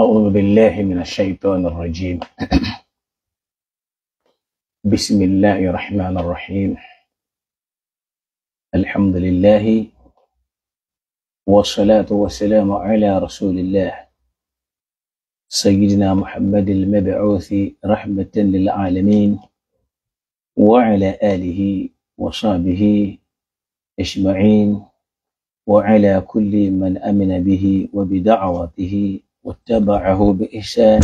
أعوذ بالله من الشيطان الرجيم بسم الله الرحمن الرحيم الحمد لله والصلاة والسلام على رسول الله سيدنا محمد المبعوث رحمة للعالمين وعلى آله وصحبه أجمعين وعلى كل من أمن به وبدعوته واتبعه بإحسان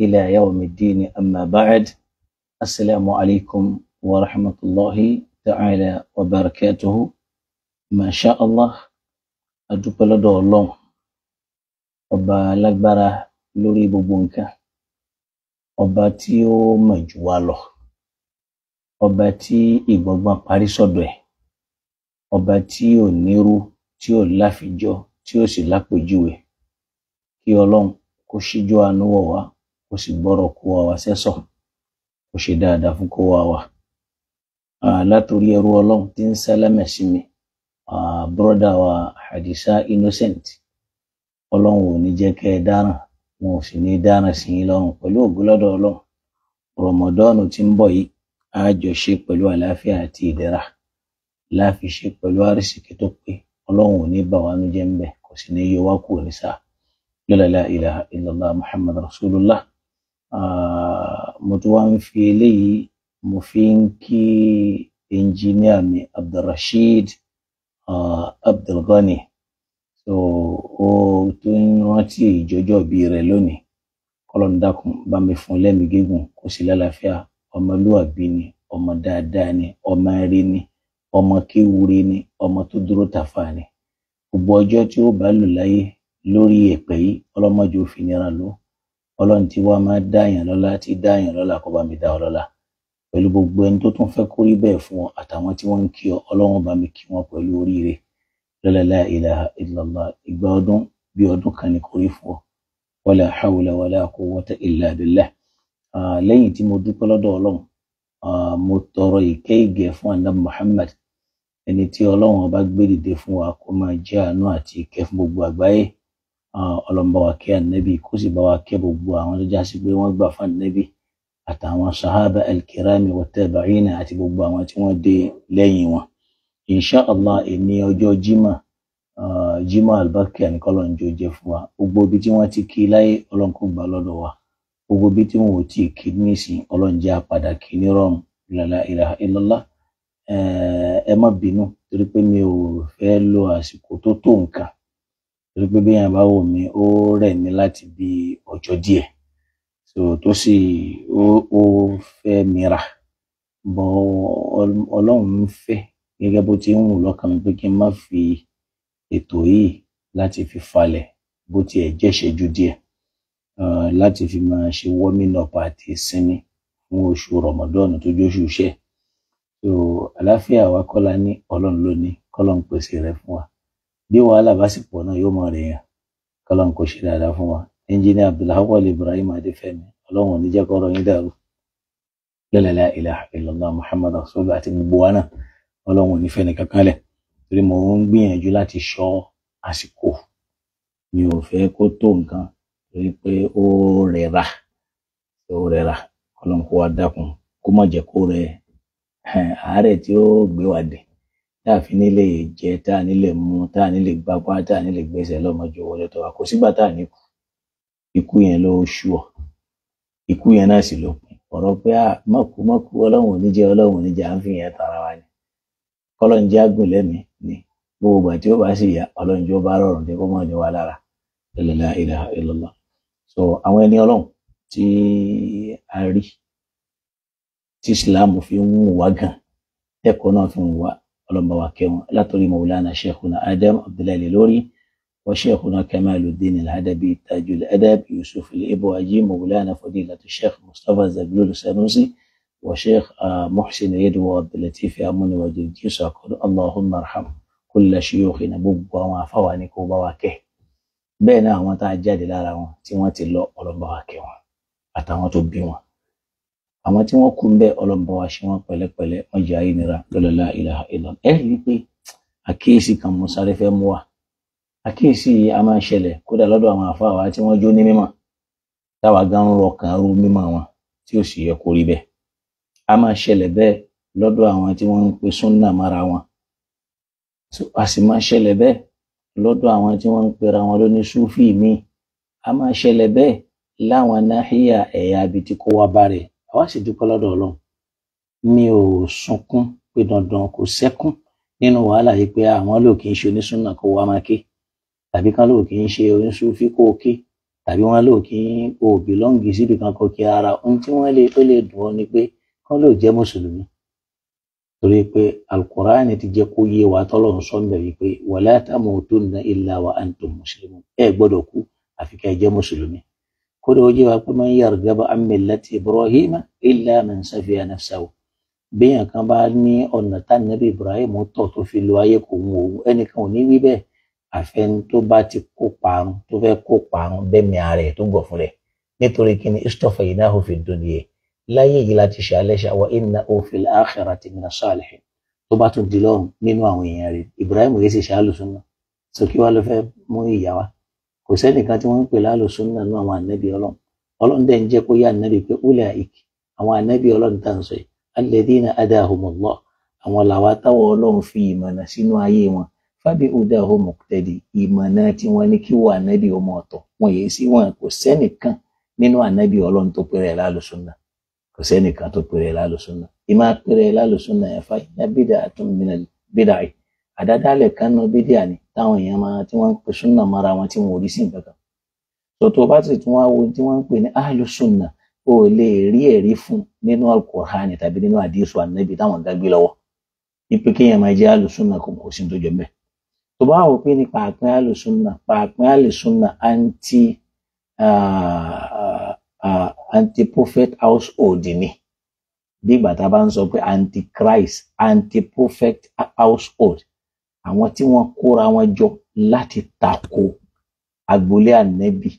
إلى يوم الدين أما بعد السلام عليكم ورحمة الله تعالى وبركاته ما شاء الله أدوب لدو الله أبا لكبرة لوري ببونك أبا تيو مجواله أبا تي إبوغبان باريس أدوه ọba tí ò nírú tí ò láfijọ tí ò sì lápòjúwe kí ọlọ́run kó ṣíjú àánú wọ̀ wá kó sì gbọ́rọ̀ kó wa wá sẹ́sọ̀ kó ṣe dáadáa fún kó wa wá. látòrí ẹrú ọlọ́run tí ń sálámẹ̀ sí mi bọ́dà wa Hadisa Innocent ọlọ́run ò ní jẹ́ kẹ́ ẹ dáràn wọn ò sì ní dáràn sí yín lọ́rùn pẹ̀lú ògbólọ́dọ̀ ọlọ́run rọmọdọ́ọ̀nù tí ń bọ̀ yìí á jọ ṣe pẹ̀lú àlàáfíà àti ìdẹ̀ra láàfi ṣe pẹ̀lú àrísìkí tó pé ọlọ́run ò ní bà wá nú jẹ́ kò sì ní yọ wá kúrò ní sáà lọ́la la ilaha illallah muhammad rasulullah ah, mo tún wá ń fi eléyìí mo fi ń kí ẹnjìníà mi abdulrasheed ah, abdulghani so ó tó ń rántí ìjọjọ́ bí rẹ̀ lónìí kọlọ́n dákun bá mi fún lẹ́mìí gígùn kó sì lálàáfíà ọmọlúwàbí ni ọmọ dáadáa ni ọmọ rí ni ọmọ kéwúre ni ọmọ tó dúró tàfà ni gbogbo ọjọ́ tí ó bá lò láyé lórí èpè yìí ọlọ́mọdé òfin nira ló ọlọ́run tí wàá máa dáàyàn lọ́lá tí dáàyàn lọ́lá kó bá mi dá ọ lọ́lá pẹ̀lú gbogbo ẹni tó tún fẹ́ kó rí bẹ́ẹ̀ fún ọ àtàwọn tí wọ́n ń kí ọ ọlọ́run bá mi kí wọn pẹ̀lú oríire lọ́lẹ́lá ilaha illallah ìgbà ọdún bí ọdún kan ni kò rí fún ọ wala hawla wala quwwata illa billah lẹ́yìn tí mo dúpẹ́ lọ́dọ̀ ọlọ́run mo tọrọ ìkẹ́ ìgẹ̀ fún anab Muhammad ẹni tí ọlọ́run ọba gbé fún wa kó máa jẹ́ àánú àti ìkẹ́ fún gbogbo àgbáyé Ah, ọlọ́mọba wa kẹ́ ànẹ́bí kó sì bá wa kẹ́ gbogbo àwọn tó jásí pé wọ́n gbà fún ànẹ́bí àtàwọn sahaba alkirami wattabi'ina àti gbogbo àwọn tí wọ́n dé lẹ́yìn wọn insha allah èmi ọjọ́ jimá ah, jimá albakir ní kọ́lọ̀ ń jòjẹ́ fún wa gbogbo ibi tí wọ́n ti kí láyé ọlọ́nkó gbà lọ́dọ̀ wa gbogbo ibi tí wọn ò tí kí nísìn ọlọ́njẹ́ apàdà kí ní rọrùn eh, ẹ má bínú torí pé mi ò fẹ́ lo àsìkò tó tó nǹkan torí pé bí yàn bá wò mí ó rẹ̀ mí láti bí ọjọ́ díẹ̀ so tó sì ó ó fẹ́ mira bọ́ ọlọ́run ń fẹ́ gẹ́gẹ́ bó ti ń wù lọ́kàn mi pé kí n má fi ètò yìí láti fi falẹ̀ bó tiẹ̀ jẹ́ ìṣẹ́jú díẹ̀ láti fi máa ṣe warming up àti fún oṣù rọmọdọ́ọ̀nù tó jóṣù iṣẹ́ so àlàáfíà wa kọ́lá ní ọlọ́run ló kọ́lọ́run pèsè rẹ̀ fún wa bí wàhálà bá sì pọ̀ náà yóò mọ rèèyàn kọ́lọ́n kò ṣe dáadáa fún wa ẹnjìnìà abdulhawal ibrahim adéfẹ́mi ọlọ́run oníjẹ́ kọ́rọ̀ yín dàrú lọ́lẹ́lá ilaha illallah muhammad rasulullah àti gbogbo wa náà ọlọ́run onífẹ́ nìkan kalẹ̀ torí mo ń gbìyànjú láti ṣọ́ àsìkò mi ò fẹ́ kó tó nǹkan torí pé ó rẹra ó rẹra ọlọ́run kó wa dákun kó má jẹ́ kó rẹ àárẹ̀ tí ó gbé wa dé tá a fi nílé jẹ tá a nílé mu tá a nílé gbapá tá a nílé gbèsè lọmọjọ wọlé tó wa kò sígbà tá a ní kú ikú yẹn ló ṣú ọ ikú yẹn náà sì ló pin ọ̀rọ̀ pé a ah, mọkú mọkú Ọlọ́run oníjẹ Ọlọ́run oníjẹ à ń fi yẹn tara wa ni kọlọn jẹ àgùn ni gbogbo ìgbà tí ó bá sì yá Ọlọ́run jọ bá rọrùn dé kó mọ ní lára la ilaha illallah so àwọn ẹni Ọlọ́run tí a rí tí Islam fi ń wù wá gan ẹ̀kọ́ náà fi ń wá ọlọ́mọba wa kẹwọn látọ̀rí mọ̀wúlánà sheikhuna adam abdullahi lórí wa sheikhuna kamaluddin alhadabi tajul adab yusuf ibuwaji mọ̀wúlánà fadilatu sheikh mustapha zablul sanusi wa sheikh uh, muhsin yeduwa abdulatif amúniwájú jísọ akọdọ allahumma arham kulla shuyukhina gbogbo àwọn afáwa ní kó bá wa kẹ́ bẹ́ẹ̀ náà àwọn tá a jáde lára wọn tí wọ́n ti lọ ọlọ́mọba wa kẹwọn àtàwọn tó bí wọn àwọn tí wọ́n kú ń bẹ ọlọ́ba wa ṣe wọ́n pẹ̀lẹ́pẹ̀lẹ́ wọ́n jẹ́ ayélujára lọ́lọ́lá ìlàhà ìlànà ẹ rí i pé àkíyèsí kan mo sáré fẹ́ mú wa àkíyèsí yìí a máa ń ṣẹlẹ̀ kódà lọ́dọ̀ àwọn àfáà wa tí wọ́n jó ní mímọ̀ táwa gan ń rọkàn rú mímọ̀ wọn tí ò sì yẹ kó rí bẹ́ẹ̀ a máa ṣẹlẹ̀ bẹ́ẹ̀ lọ́dọ̀ àwọn tí wọ́n ń pe súnà mára wọn a sì máa ṣẹlẹ̀ bẹ́ẹ̀ lọ́dọ̀ àwọn tí wọ́n ń pera wọn lóní súfì míì a máa ṣẹlẹ̀ bẹ́ẹ̀ láwọn náhíyà ẹ̀yà abití kó wá bá rẹ̀ àwa sì dúpẹ́ lọ́dọ̀ Ọlọ́run mi ò sunkún pé dandan kò sẹ́kún nínú wàhálà yìí pé àwọn lò kì í ṣe onísùnà kó wá máa ké tàbí kan lò kì í ṣe onísùfí kó ké tàbí wọn lò kì í kó bìlọ́ǹgì síbi kan kó kí ara ohun tí wọ́n lè tó lè dùn ọ́ ni pé kán lò jẹ́ mùsùlùmí torí pé alukur'an ti jẹ́ kó yé wa tọ́lọ̀ ń sọ mbẹ̀ wípé wala tamutunna illa wa antum muslimun ẹ gbọ́dọ̀ kú àfi jẹ́ mùsùlùmí kódà ó jẹ́ wa pé man yarghabu an millati Ibrahima illa man safiya nafsahu béèyàn kan bá ní ọ̀nà tánàbí Ibrahim tọ̀ tó fi lo ayé kò wù òun ẹnìkan ò ní wí bẹ́ẹ̀ àfẹn tó bá ti kó parun tó fẹ́ kó parun bẹ́mi ààrẹ tó gbọ̀ fún rẹ̀ nítorí kí ni istafaynahu fid dunya láyé yìí láti ṣe àlẹ́ṣà wa innahu fil akhirati minas salihin tó bá tún di lọ́run nínú àwọn èèyàn Ibrahim yìí sì ṣe àlùsùn náà sọ kí wàá lọ fẹ́ mú wa kò sẹ́nìkan tí wọ́n ń pè lálùsùn náà nínú àwọn ànábì ọlọ́run ọlọ́run dẹ̀ ń jẹ́ kó yá ànábì pé ulẹ̀ ìkì àwọn ànábì ọlọ́run tá à ń sọ yìí alẹ́dínà adahumullah àwọn làwa táwọn ọlọ́run fi ìmọ̀nà sínú ayé wọn fábí udahu muqtadi ìmọ̀nà tí wọ́n ní kí wọ́n ànábì ọmọ ọ̀tọ̀ wọn yìí sí wọn kò sẹ́nìkan nínú ànábì ọlọ́run tó pèrè lálùsùn náà kò sẹ́nìkan táwọn èèyàn máa tí wọ́n ń pè súnà mọ́ra wọn tí wọn ò rí sí nǹkan kan tó tó bá sì tún wá wo tí wọ́n ń pè ní ahlu sunna o lè rí ẹ̀rí fún nínú alukur'ani tàbí nínú àdìsù ànábì táwọn dágbé lọ́wọ́ ipe kéèyàn máa jẹ́ ahlu sunna kò kò sí tó jọ mẹ́ tó bá wò pé ní pàápín ahlu sunna pàápín ahlu sunna anti anti prophet household ni bí ìgbà tá a bá ń sọ pé anti Christ anti prophet household àwọn tí wọ́n kóra wọn jọ láti tako agboolé ànẹ́bì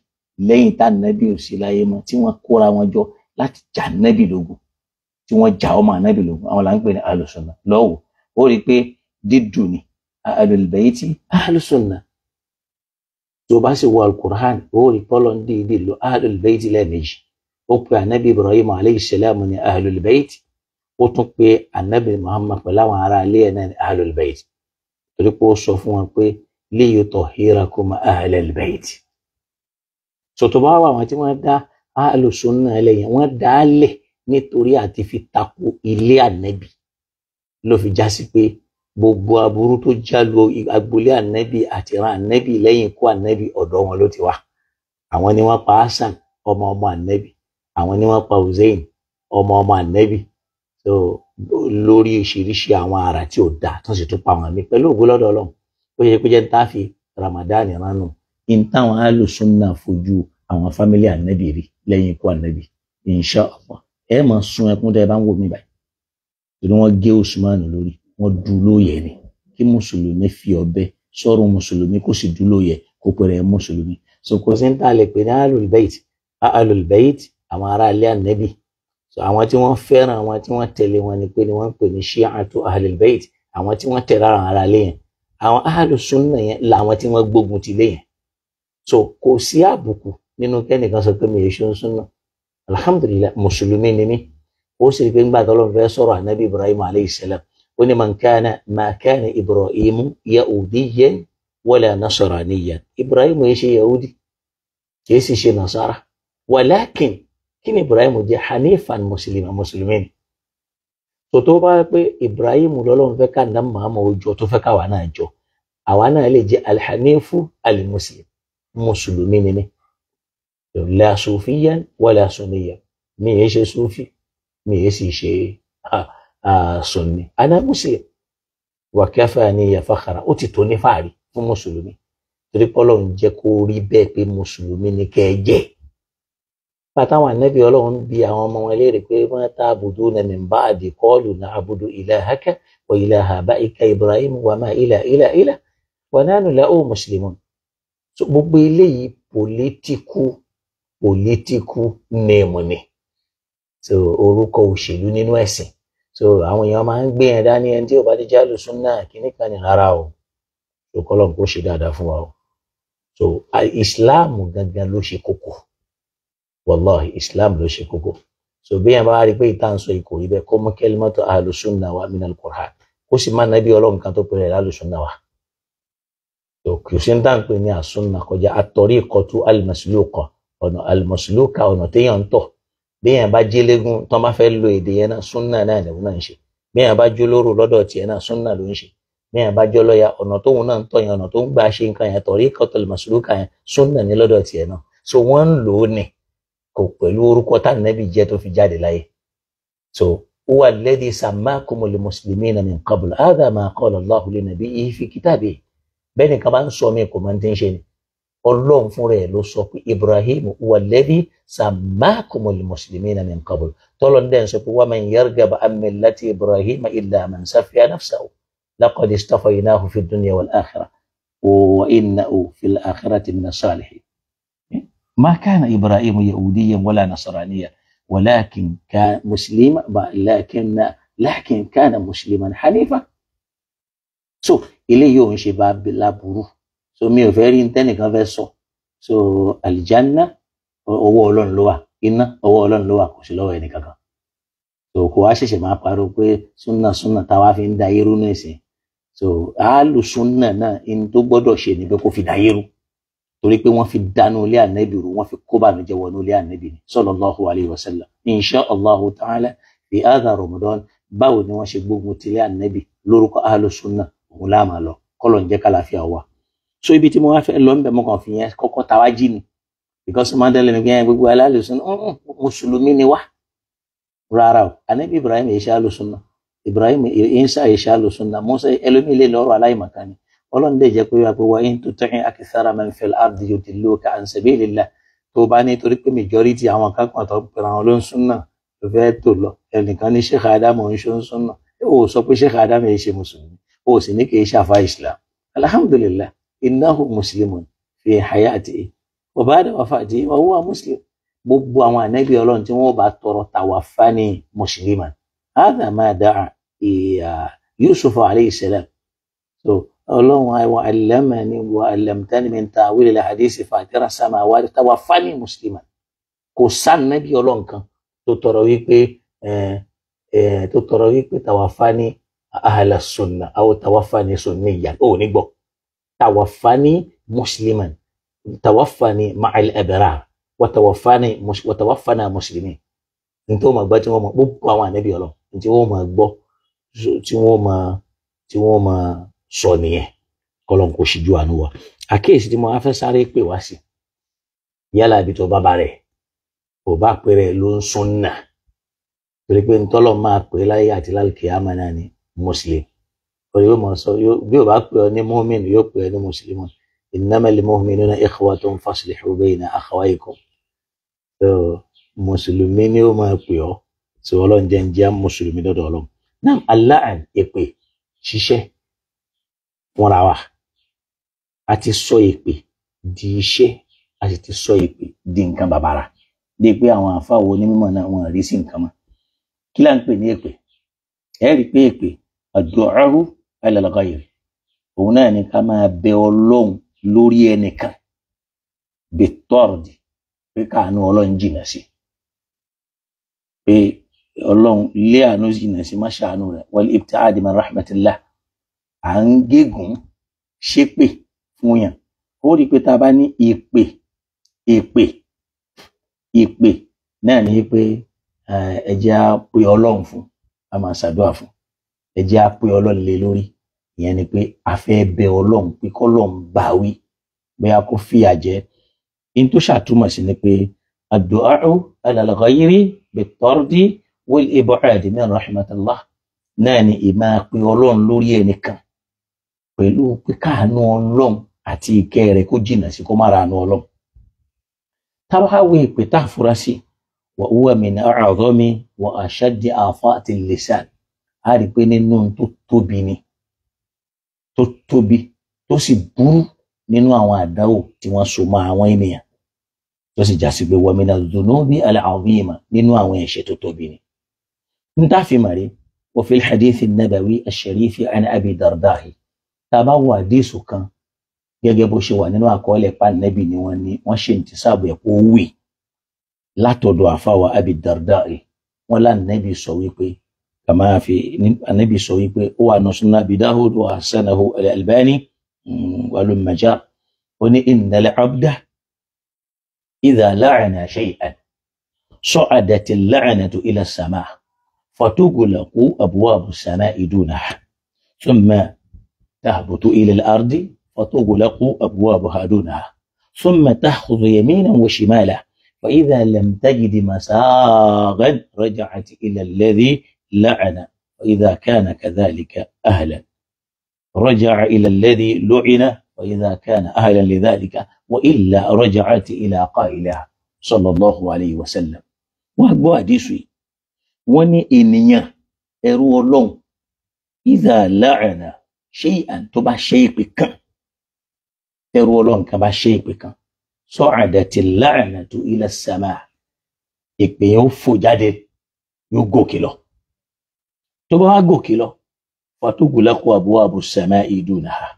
lẹ́yìn tá ànẹ́bì ò sí láyé mọ́ tí wọ́n kóra wọn jọ láti jà ànẹ́bì lógun tí wọ́n jà ọmọ ànẹ́bì lógun àwọn là ń pè ní alùsùnà lọ́wọ́ ó rí i pé dídùn ni alùbẹ̀yìtì alùsùnà tó bá sì wọ alukur'an ó rí pọ́lọ́ ń dìídì lo alùbẹ̀yìtì lẹ́ẹ̀mejì ó pe ànẹ́bì ibrahim aleyhi salam ní alùbẹ̀yìtì ó tún pe ànẹ́bì muhammad pẹ̀lú àwọn ará ilé ẹ̀ náà ní alùbẹ̀yìtì torí pé ó sọ fún wọn pé léyò tó híra kó máa ahlẹ̀ lẹ́yìntì sọ̀tọ̀ bá wà wọn tí wọ́n dá alùsùn náà lẹ́yìn wọ́n dá a lẹ̀ nítorí àti fi tako ilé ànẹ́bì ló fi já sí pé gbogbo aburú tó jálu agboolé ànẹ́bì àti ran ànẹ́bì lẹ́yìn ikú ànẹ́bì ọ̀dọ̀ wọn ló ti wá àwọn ni wọ́n pa Hasan ọmọ ọmọ ànẹ́bì àwọn ni wọ́n pa Hussein ọmọ ọmọ ànẹ́bì so lórí oríṣiríṣi àwọn àrà tí ò dáa tó sì tún pa wọn mí pẹ̀lú ògo lọ́dọ̀ Ọlọ́run ó yẹ kó jẹ́ ń táfi Ramadan ránu in táwọn alùsùnà fojú àwọn fámílì ànábì rí lẹ́yìn ikú ànábì insha Allah ẹ máa sun ẹkún tẹ́ ẹ bá ń wò mí báyìí torí wọ́n gé Usman lórí wọ́n dú ni kí mùsùlùmí fi ọ̀bẹ sọ̀rọ̀ mùsùlùmí kó sì dú kó pẹrẹ mùsùlùmí. so kò sí ń tà lè pè ní alul bayt alul bayt àwọn ará ànábì so àwọn tí wọ́n fẹ́ràn àwọn tí wọ́n tẹ̀lé wọn ni pé ni wọ́n ń pè ní shi'atu ahlul bayt àwọn tí wọ́n tẹ̀lé ara ara lé yẹn àwọn ahlu sunna yẹn làwọn tí wọ́n gbógun ti lé yẹn so kò sí àbùkù nínú kẹ́nìkan sọ pé mi ò ṣe ń sunna alhamdulilayi mùsùlùmí ni mí ó sì rí pé ńgbà tó lọ́n fẹ́ sọ̀rọ̀ anabi ibrahim aleyhi salam ó ní man kana ma kana ibrahim yahudiyan wala nasaraniyan ibrahim yìí ṣe yahudi kì í sì ṣe nasara walakin kí ni Ibrahim jẹ́ hanifan mùsùlùmí mùsùlùmí ni tòtò bá pé Ibrahim lọ́lọ́run fẹ́ ká nà màmá ojọ tó fẹ́ káwa náà jọ àwa náà lè jẹ́ alhanifu alimuslim mùsùlùmí ni mí wala sunniyan mi yẹ ṣe sufi mi yẹ sì ṣe sunni ana muslim wa kafaniya fakhara ó ti tó ní fàárí fún mùsùlùmí torí pé Ọlọ́run jẹ́ kó rí bẹ́ẹ̀ pé mùsùlùmí ni kẹ́ ẹ pátáwọn ànábì ọlọ́run bi àwọn ọmọ wọn léèrè pé ma ta'buduna min ba'di qalu na'budu ilahaka wa ilaha abaika Ibrahim wa ma ìlà ìlà ìlà wa nahnu lahu muslimun. gbogbo eléyìí pòlítíkù pòlítíkù nèèmù ni so orúkọ òṣèlú nínú ẹ̀sìn so àwọn èèyàn máa ń gbé yẹn dání ẹni tí ò bá ti já lù sún kíní kan ní rárá o so kọ́lọ́n kó ṣe dáadáa fún wa o so Islam gangan ló ṣe kókó wàláhì islam ló ṣe kókó so bí yẹn bá rí i pé ìta ń sọ ikò rí bẹ́ẹ̀ kó mọ́ kalimatu ahlùsùnà wa minal Qur'an kó sì má nàbí ọlọ́run kan tó pèrè ahlùsùnà wa kò sí ń dá ń pè ní àsùnà kọjá àtọ̀rí ìkọtú almasluqa ọ̀nà almasluqa ọ̀nà téèyàn ń tọ̀ bí yẹn bá jẹ́lẹ́gùn tó má fẹ́ lo èdè yẹn náà súnà náà ni òun náà ń ṣe bí yẹn bá kò pẹ̀lú orúkọ tá nẹ́bí jẹ́ tó fi jáde láyé so huwa alladhi sammakumul muslimina min qabl hadha ma qala Allahu li nabiyyihi fi kitabihi bẹ́ẹ̀ nìkan bá ń sọ mí kò máa ń ti ń ṣe ni ọlọ́run fúnra ẹ̀ ló sọ pé Ibrahim huwa alladhi sammakumul muslimina min qabl tọ́lọ̀ ń dẹ́n sọ pé wa man yarghabu an millati Ibrahim illa man safiya nafsahu laqad istafaynahu ما كان إبراهيم يهوديا ولا نصرانيا ولكن كان مسلما لكن لكن كان مسلما حنيفا so eléyìí ò ń ṣe bá láburú so mi ò fẹ́ rí tẹ́nìkan fẹ́ sọ so àlìjánná ọwọ́ ọlọ́run ló wà iná ọwọ́ ọlọ́run ló wà kò sí lọ́wọ́ ẹnìkankan so kò wá ṣẹ̀ṣẹ̀ máa parọ́ pé súnà súnà táwa fi ń da irú nísìn so àálù súnà náà in tó gbọ́dọ̀ ṣe ni pé kó fi da irú torí pé wọ́n fi dánú ilé ànábì rú wọ́n fi kó bànújẹ́ wọnú ilé ànábì ni sallallahu alayhi wa sallam insha allahu ta'ala fi hadha ramadan báwo ni wọ́n ṣe gbógun ti ilé ànábì lórúkọ ahlu sunna òun láàmà lọ kọlọ ń jẹ kálàfíà wa so ibi tí mo wá fẹ́ lọ ń bẹ mo kàn fi yẹn kọ́kọ́ tàwa jí ni because mandela mi gbẹyàn gbogbo ahlu sunna mm, mm, mùsùlùmí ni wá rárá o ànábì ibrahim yìí ṣe ahlu sunna ibrahim yìí ṣe ahlu sunna musa ẹlòmíì lè lọrọ aláìmọ̀kan ni ọlọ́run dẹ̀ jẹ́ pé wá pé wa in tuti'i akthara man fil ardi yudilluka an sabilillah tó bá ní torí pé majority àwọn kankan tó pẹ̀lú àwọn ló ń súnà ló fẹ́ tò lọ ẹnìkan ní Sheikh Adam ń ṣó ń súnà ó sọ pé Sheikh Adam yìí ṣe mùsùlùmí ó sì ní kì í ṣàfà Islam alhamdulillah innahu muslimun fi hayatihi wa ba'da wafatihi wa huwa muslim gbogbo àwọn ànábì ọlọ́run tí wọ́n bá tọrọ ọlọ́run àìwọ̀ allamani wa allamtani min ta'wil al-hadith fatira samawati tawaffani musliman kò sànnábì ọlọ́run kan tó tọrọ wípé tó tọrọ wípé tawaffani ahla sunna aw tawaffani sunniyan ó ní gbọ́ tawaffani musliman tawaffani ma'al abrar wa tawaffani wa tawaffana muslimin nítorí wọn máa gbọ́ tí wọ́n máa gbogbo àwọn ànábì ọlọ́run tí wọ́n máa gbọ́ tí wọ́n máa tí wọ́n máa sọ nìyẹn kọlọ́n kò ṣíjú àánú wa àkíyèsí tí mo á fẹ́ sáré pè wá sí yálà ibi tó bábà rẹ̀ kò bá péré ló ń sún nà torí pé ntọ́lọ̀ máa pè é láyé àti lálùkì àmà náà ni mùsùlùmí orí yóò máa sọ bí ó bá pè ọ ní mọ́mìn yóò pè ọ ní mùsùlùmí innamal mu'minuna ikhwatun faslihu bayna akhawaykum mùsùlùmí ni ó máa pè ọ sọ ọlọ́run ń jẹ́ mùsùlùmí lọ́dọ̀ ọlọ́run náà aláàn èpè ṣiṣẹ́ fúnra wa a ti sọ èpè di iṣẹ́ a sì ti sọ èpè di nǹkan bàbàrà dé pé àwọn àfáwo onímọ̀ náà wọn rí sí nǹkan mọ́ kí là ń pè ní èpè ẹ rí i pé èpè àdúràrú alàlàkàyè òun náà ni ká máa bẹ ọlọ́run lórí ẹnìkan bìtọ́ọ̀dì pé káàánú ọlọ́run jìnnà sí pé ọlọ́run lé àánú jìnnà sí má ṣàánú rẹ̀ wal ibtiadi min rahmatillah à ń gégùn ṣépè fún yàn ó rí i pé tá a bá ní èpè èpè èpè náà ni pé ẹ jẹ́ á pe ọlọ́run fún a máa ṣàdúrà fún ẹ jẹ́ á pe ọlọ́run lé lórí ìyẹn ni pé a fẹ́ bẹ ọlọ́run pé kọ́lọ́run bá wí bóyá kó fìyà jẹ in tó ṣàtúmọ̀ sí ni pé àdúrà alàlàkọ́yírí bẹ̀tọ́rọ́dí wọ́n ìbọ̀rẹ́ àdìmí rahmatullah náà ni ìmáa pe ọlọ́run lórí ẹnìkan pẹ̀lú pé káàánú ọlọ́run àti ìkẹ́ rẹ̀ kó jìnnà sí kó má ra àánú ọlọ́run táwa wo ìpè tá a fura sí wa huwa min a'zami wa ashaddi afati lisan a rí i pé nínú tó tóbi ni tó tóbi tó sì burú nínú àwọn àdáwò tí wọ́n so mọ́ àwọn ènìyàn tó sì já sí pé wa mina dhunubi al-'azima nínú àwọn ẹ̀ṣẹ̀ tó tóbi ni n tá a fi mọ̀ nabawi ash-sharifi abi dardahi. tá a bá kan gẹ́gẹ́ bó ṣe wà nínú akole pa nabi ni wọ́n ní wọ́n ṣe ntisabu ti ẹ̀ kó wì látọ̀dọ̀ àfàwà abi dardai wọ́n nabi sọ wi pe kàmá fi nabi sọ wípé ó wà nọ́sùnà bi dahud wa hasanahu al-albani wàlú maja oni inna innal abda idha la'ana shay'an al la'natu ila as-sama' fatughlaqu abwabu as-sama'i dunahu thumma تهبط إلى الأرض فتغلق أبوابها دونها ثم تأخذ يمينا وشمالا فإذا لم تجد مساغا رجعت إلى الذي لعن وإذا كان كذلك أهلا رجع إلى الذي لعن وإذا كان أهلا لذلك وإلا رجعت إلى قائلها صلى الله عليه وسلم وهو أديسي وني إنيا إذا لعن ṣé tó bá ṣe ìpè kan tẹrù ọlọ́run kan bá ṣe ìpè kan sa'adati la'natu ila as-sama' ìpè yẹn ó fò jáde yóò gòkè lọ tó bá wá gòkè lọ fatughlaqu abwabu as-sama'i dunaha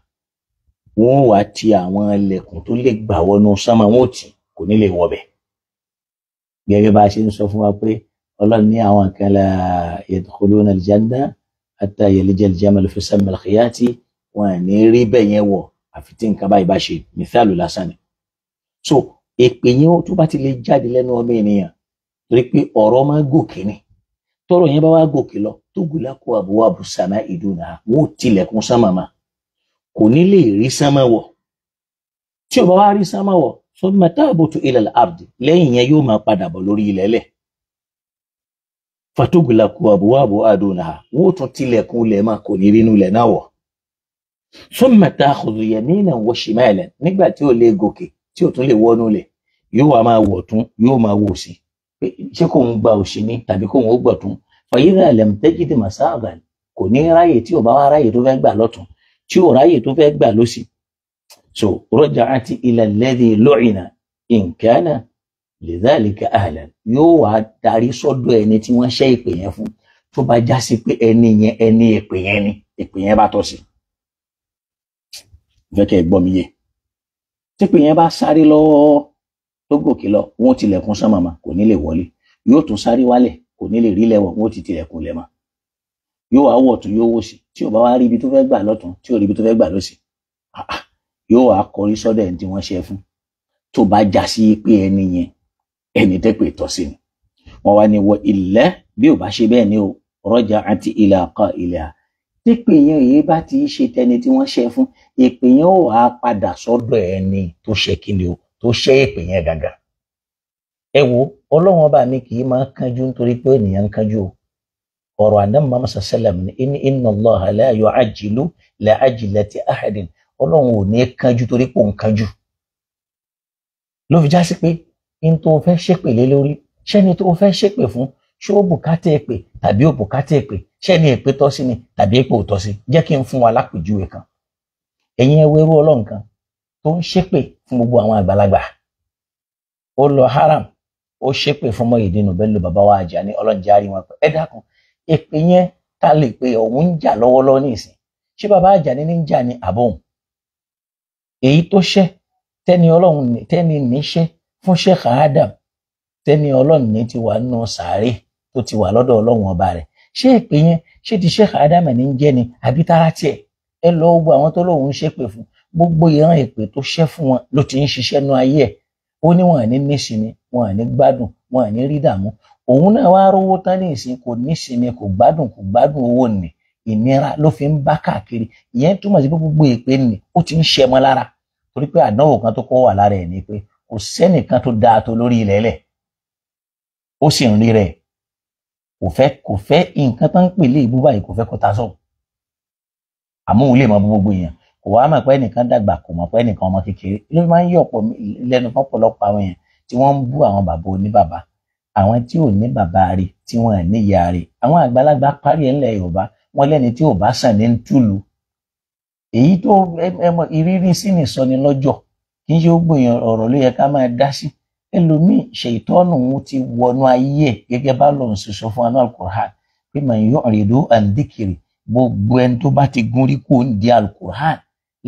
wọn wàá ti àwọn ẹlẹ́kùn tó lè gbà wọnú sánmà wọn ò tì kò ní lè wọbẹ̀ gẹ́gẹ́ bá a ṣe ń sọ fún wa pé ọlọ́run ní àwọn kan la yadkhuluna al-janna hatta yalijal jamalu fi sammal khiyati wọn à ní rí bẹ́ẹ̀ yẹn wọ̀ àfi tí nǹkan báyìí bá ṣe mìtálù lásán ni. so èpè yẹn tó bá ti lè jáde lẹ́nu ọmọ ènìyàn rí pé ọ̀rọ̀ máa gòkè ni tọ́rọ̀ yẹn bá wá gòkè lọ tó gùlá kó àbúwàbù sàmà ìdùnnà wọn ò tilẹ̀kùn kò ní lè rí sánmà tí ò bá wá rí sánmà wọ̀ sọ́dún àbòtú ilẹ̀ àbdì lẹ́yìn yẹn yóò máa padà bọ̀ lórí ilẹ̀ lẹ́ẹ̀ fatugulaku abuwaabu adunaha wọ́n tún tilẹ̀kùn lẹ̀ máa kò ní rínú lẹ̀ náà wọ̀. summa ta'khudhu yaminan wa shimalan nígbà tí ò lè gòkè tí ò tún lè wọnú lẹ̀ yóò wá máa wọ̀ tún yóò máa wò sí pé ṣé kóun gba òsì ni tàbí kóun ó gbọ̀ tún fa idha lam tajid kò ní ráyè tí ò bá wá ráyè tó fẹ́ gbà lọ́tún tí ò ráyè tó fẹ́ gbà lọ́sì so raja'ati ila alladhi lu'ina in kana lèdálìkà àhàlàn yóò wá darí sọ́dọ̀ ẹni tí wọ́n ṣẹ́ ìpè yẹn fún tó bá já sí pé ẹni yẹn ẹni ìpè yẹn ni ìpè yẹn bá tọ́ sí fẹ́kẹ́ gbọ́ mi yé típè yẹn bá sáré lọ́wọ́ tó gòkè lọ wọn ò tilẹ̀kùn sán màmá kò ní lè wọlé yóò tún sáré wálẹ̀ kò ní lè rí lẹ́wọ̀n wọn ò ti tilẹ̀kùn lẹ̀ mọ́ yóò wá wọ̀ tún yóò wò sí tí ò bá wá rí ibi tó fẹ́ gbà lọ́tún tí ò rí ibi tó fẹ́ gbà lọ́sì yóò wá kọrí sọ́dọ̀ ẹni tí wọ́n ṣe fún tó bá já sí pé ẹni yẹn ẹni dẹ́pẹ̀ tọ́ sí ni wọ́n wá ní wọ ilẹ̀ bí ò bá ṣe bẹ́ẹ̀ ni o rọ́jà àti ilẹ̀ àkọ ilẹ̀ à pípín yẹn yìí bá ti ṣe tẹni tí wọ́n ṣe fún ìpín yẹn ò wá padà sọ́dọ̀ ẹni tó ṣe kíni o tó ṣe ìpín yẹn gangan ẹ wo ọlọ́run ọba mi kì í máa kánjú nítorí pé ènìyàn ń kánjú o ọ̀rọ̀ àdámù mamman sàṣẹlẹm ní inna inna Allaha la yu'ajjilu li'ajlati ahadin ọlọ́run ò ní kánjú torí pé òun kánjú ló fi já sí pé ní tó o fẹ́ ṣépè lé lórí ṣẹ́ni tó o fẹ́ ṣépè fún ṣé ó bùkátà èpè tàbí ó bùkátà èpè ṣẹ́ni èpè tọ́ sí ni tàbí èpè ò tọ́ sí jẹ́ kí n fún wa lápèjúwe kan ẹ̀yin ẹwẹ́ irú ọlọ́run kan tó ń ṣépè fún gbogbo àwọn àgbàlagbà ó lọ haram ó ṣépè fún ọmọ ìdínú Bello bàbá wa Àjàní ọlọ́run jẹ́ àárín wọn pé ẹ dákun èpè yẹn ta lè pe òun ń jà lọ́wọ́lọ́wọ́ ní ìsìn ṣé bàbá Àjàní ní ń jà ní àbóhùn èyí tó ṣẹ́ tẹ́ni ọlọ́run tẹ́ni níṣẹ́ fún sheikh adam tẹ́ni ọlọ́run ní ti wà nínú sàárè tó ti wà lọ́dọ̀ ọlọ́run ọba rẹ̀ ṣé èpè yẹn ṣé ti sheikh adam ní ń jẹ́ ni àbí tara tiẹ̀ ẹ lọ gbọ́ àwọn tó lóun ṣépè fún gbogbo ìran èpè tó ṣẹ́ fún wọn ló ti ń ṣiṣẹ́ nú ayé ẹ̀ ó ní wọn ní nísinmi wọn ní gbádùn wọn ní rí dààmú òun náà wá rówó tán ní ìsìn kò nísinmi kò gbádùn kò gbádùn owó nì ìnira ló fi ń bá káàkiri ìyẹn túmọ̀ sí gbogbo èpè nì ó ti ń ṣẹmọ lára torí pé àdánwò kan tó kọ́ wà lára ẹ̀ ni pé kò sẹ́nìkan tó dáa tó lórí ilẹ̀ lẹ̀ ó sì ń rí rẹ̀ kò fẹ́ kò fẹ́ nǹkan tó ń pè lé ìbú báyìí kò fẹ́ kó ta sọ àmọ́ òun lè mọ gbogbo èèyàn kò wá mọ̀ pé ẹnìkan dàgbà kò mọ̀ pé ẹnìkan ọmọ kékeré ló máa ń yọ̀ pọ̀ lẹ́nu fọ́pọ̀lọpọ̀ àwọn èèyàn tí wọ́n ń bú àwọn bàbá oníbàbá àwọn tí ò ní bàbá rẹ̀ tí wọ́n ní ìyá rẹ̀ àwọn àgbàlagbà parí ẹ̀ ńlẹ̀ Yorùbá wọn lẹ́ni tí ò bá sàn ní túlù èyí tó ìrírí sí ni sọ ni lọ́jọ́ kì í ṣe ó gbìyàn ọ̀rọ̀ ló yẹ ká máa dá sí ẹlòmíì ṣètọ́nù òun ti wọnú ayé ẹ̀ gẹ́gẹ́ bá lọ́n ṣe sọ fún anú alukur'an pé màá yọ ọ̀rẹ́dọ́ àǹdíkiri gbogbo ẹni tó bá ti gún rí kó ń di alukur'an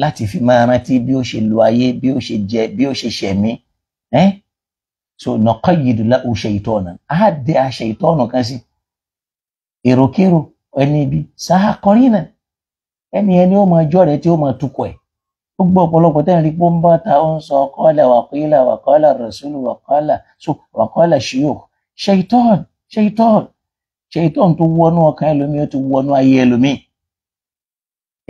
láti fi máa rántí bí ó ṣe lo ayé bí ó ṣe jẹ bí ó ṣe ṣẹ̀mí ẹ́ so nàkọ́ yìí dùn láwù ṣètọ́nù á dé aṣètọ́nù kan sí èròkérò ẹni ibi sáà kọrin náà ẹni ẹni ó máa jọ́ rẹ̀ tí ó máa tukọ̀ ẹ̀ gbogbo ọ̀pọ̀lọpọ̀ tẹ́ ń rí pọ́ńbà ta ó ń sọ qala waqila waqala rasul waqala so waqala shuyukh ṣèitán ṣèitán ṣèitán tó wọnú ọkàn ẹlòmíì ó ti wọnú ayé ẹlòmíì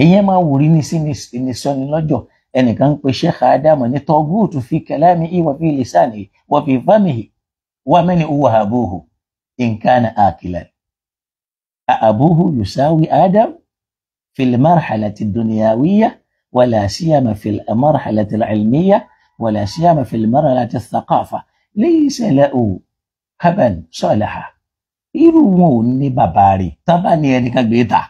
èyàn máa wòrí ní sí ní sọni lọ́jọ́ ẹnìkan ń pe sheikh adamu ní tọ́gùtù fi kalami ìwà fi lisanihi wà fi famihi wà mẹ́ni uwa abuhu in kana abuhu yusawi adam fil marhalati dunyawiya ولا سيما في المرحلة العلمية ولا سيما في المرحلة الثقافة ليس له أبا صالحا irú wọn ò ní bàbá rẹ̀ tábà ní ẹnìkan gbé ta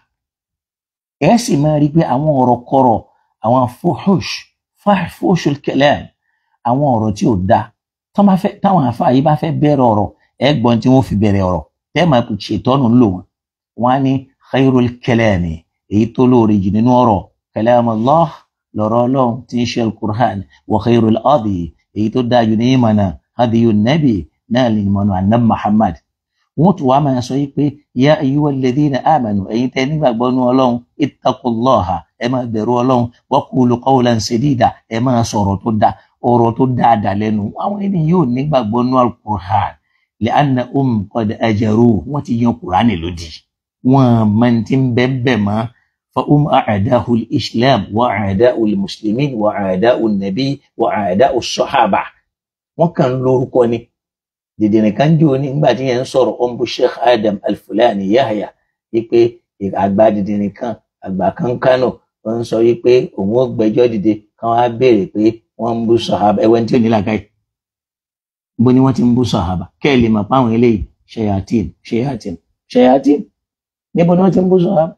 ẹ sì máa rí i pé àwọn ọ̀rọ̀ kọ̀rọ̀ àwọn fohush fohushul kalam àwọn ọ̀rọ̀ tí ò da táwọn afáàyè bá fẹ́ bẹ̀rẹ̀ ọ̀rọ̀ ẹ gbọ́n tí wọ́n fi bẹ̀rẹ̀ ọ̀rọ̀ tẹ́ máa ṣètọ́nù ńlò wọn wọn á ní khairul kalami èyí tó lóore jù nínú ọ̀rọ̀ kalam Allah lọ́rọ̀ ọlọ́run tí ń ṣe alukur'an wa khairul adi èyí tó dáa jù ní ìmọ̀nà hadiyu nabi náà lè mọ̀nà anam muhammad wọn tún wàá máa sọ yìí pé ya ayyuhal ladhina amanu ẹ̀yin tẹ́ nígbàgbọ́ nu ọlọ́run ittaqullaha ẹ máa bẹ̀rù ọlọ́run wa qulu qawlan sadida ẹ máa sọ̀rọ̀ tó dáa ọ̀rọ̀ tó dáadáa lẹ́nu àwọn ẹni yóò nígbàgbọ́ nu alukur'an lẹ́ànà um qad ajaru wọ́n ti yan kùránì lódì wọ́n mọ̀ ní ti ń bẹ́ẹ̀ bẹ́ẹ̀ mọ́ فهم أعداء الإسلام وأعداء المسلمين وأعداء النبي وأعداء الصحابة wọ́n kàn ń lórúkọ ni dìdìrín kan jò ní nígbà tí yẹn ń sọ̀rọ̀ ọmọ Sheikh Adam Al-Fulani Yahya wípé àgbà dìdìrín kan àgbà kan Kánò ó ń sọ wípé òun ó gbẹ́jọ́ dìde kan wá béèrè pé wọ́n ń bú sàhábà ẹwẹ tí ò ní làákàyè bó ni wọ́n ti ń bú sàhábà kẹ́ ẹ lè mọ̀ páwọn eléyìí ṣẹyàtìn ṣẹyàtìn ṣẹyàtìn níbo ni wọ́n ti ń bú sàhábà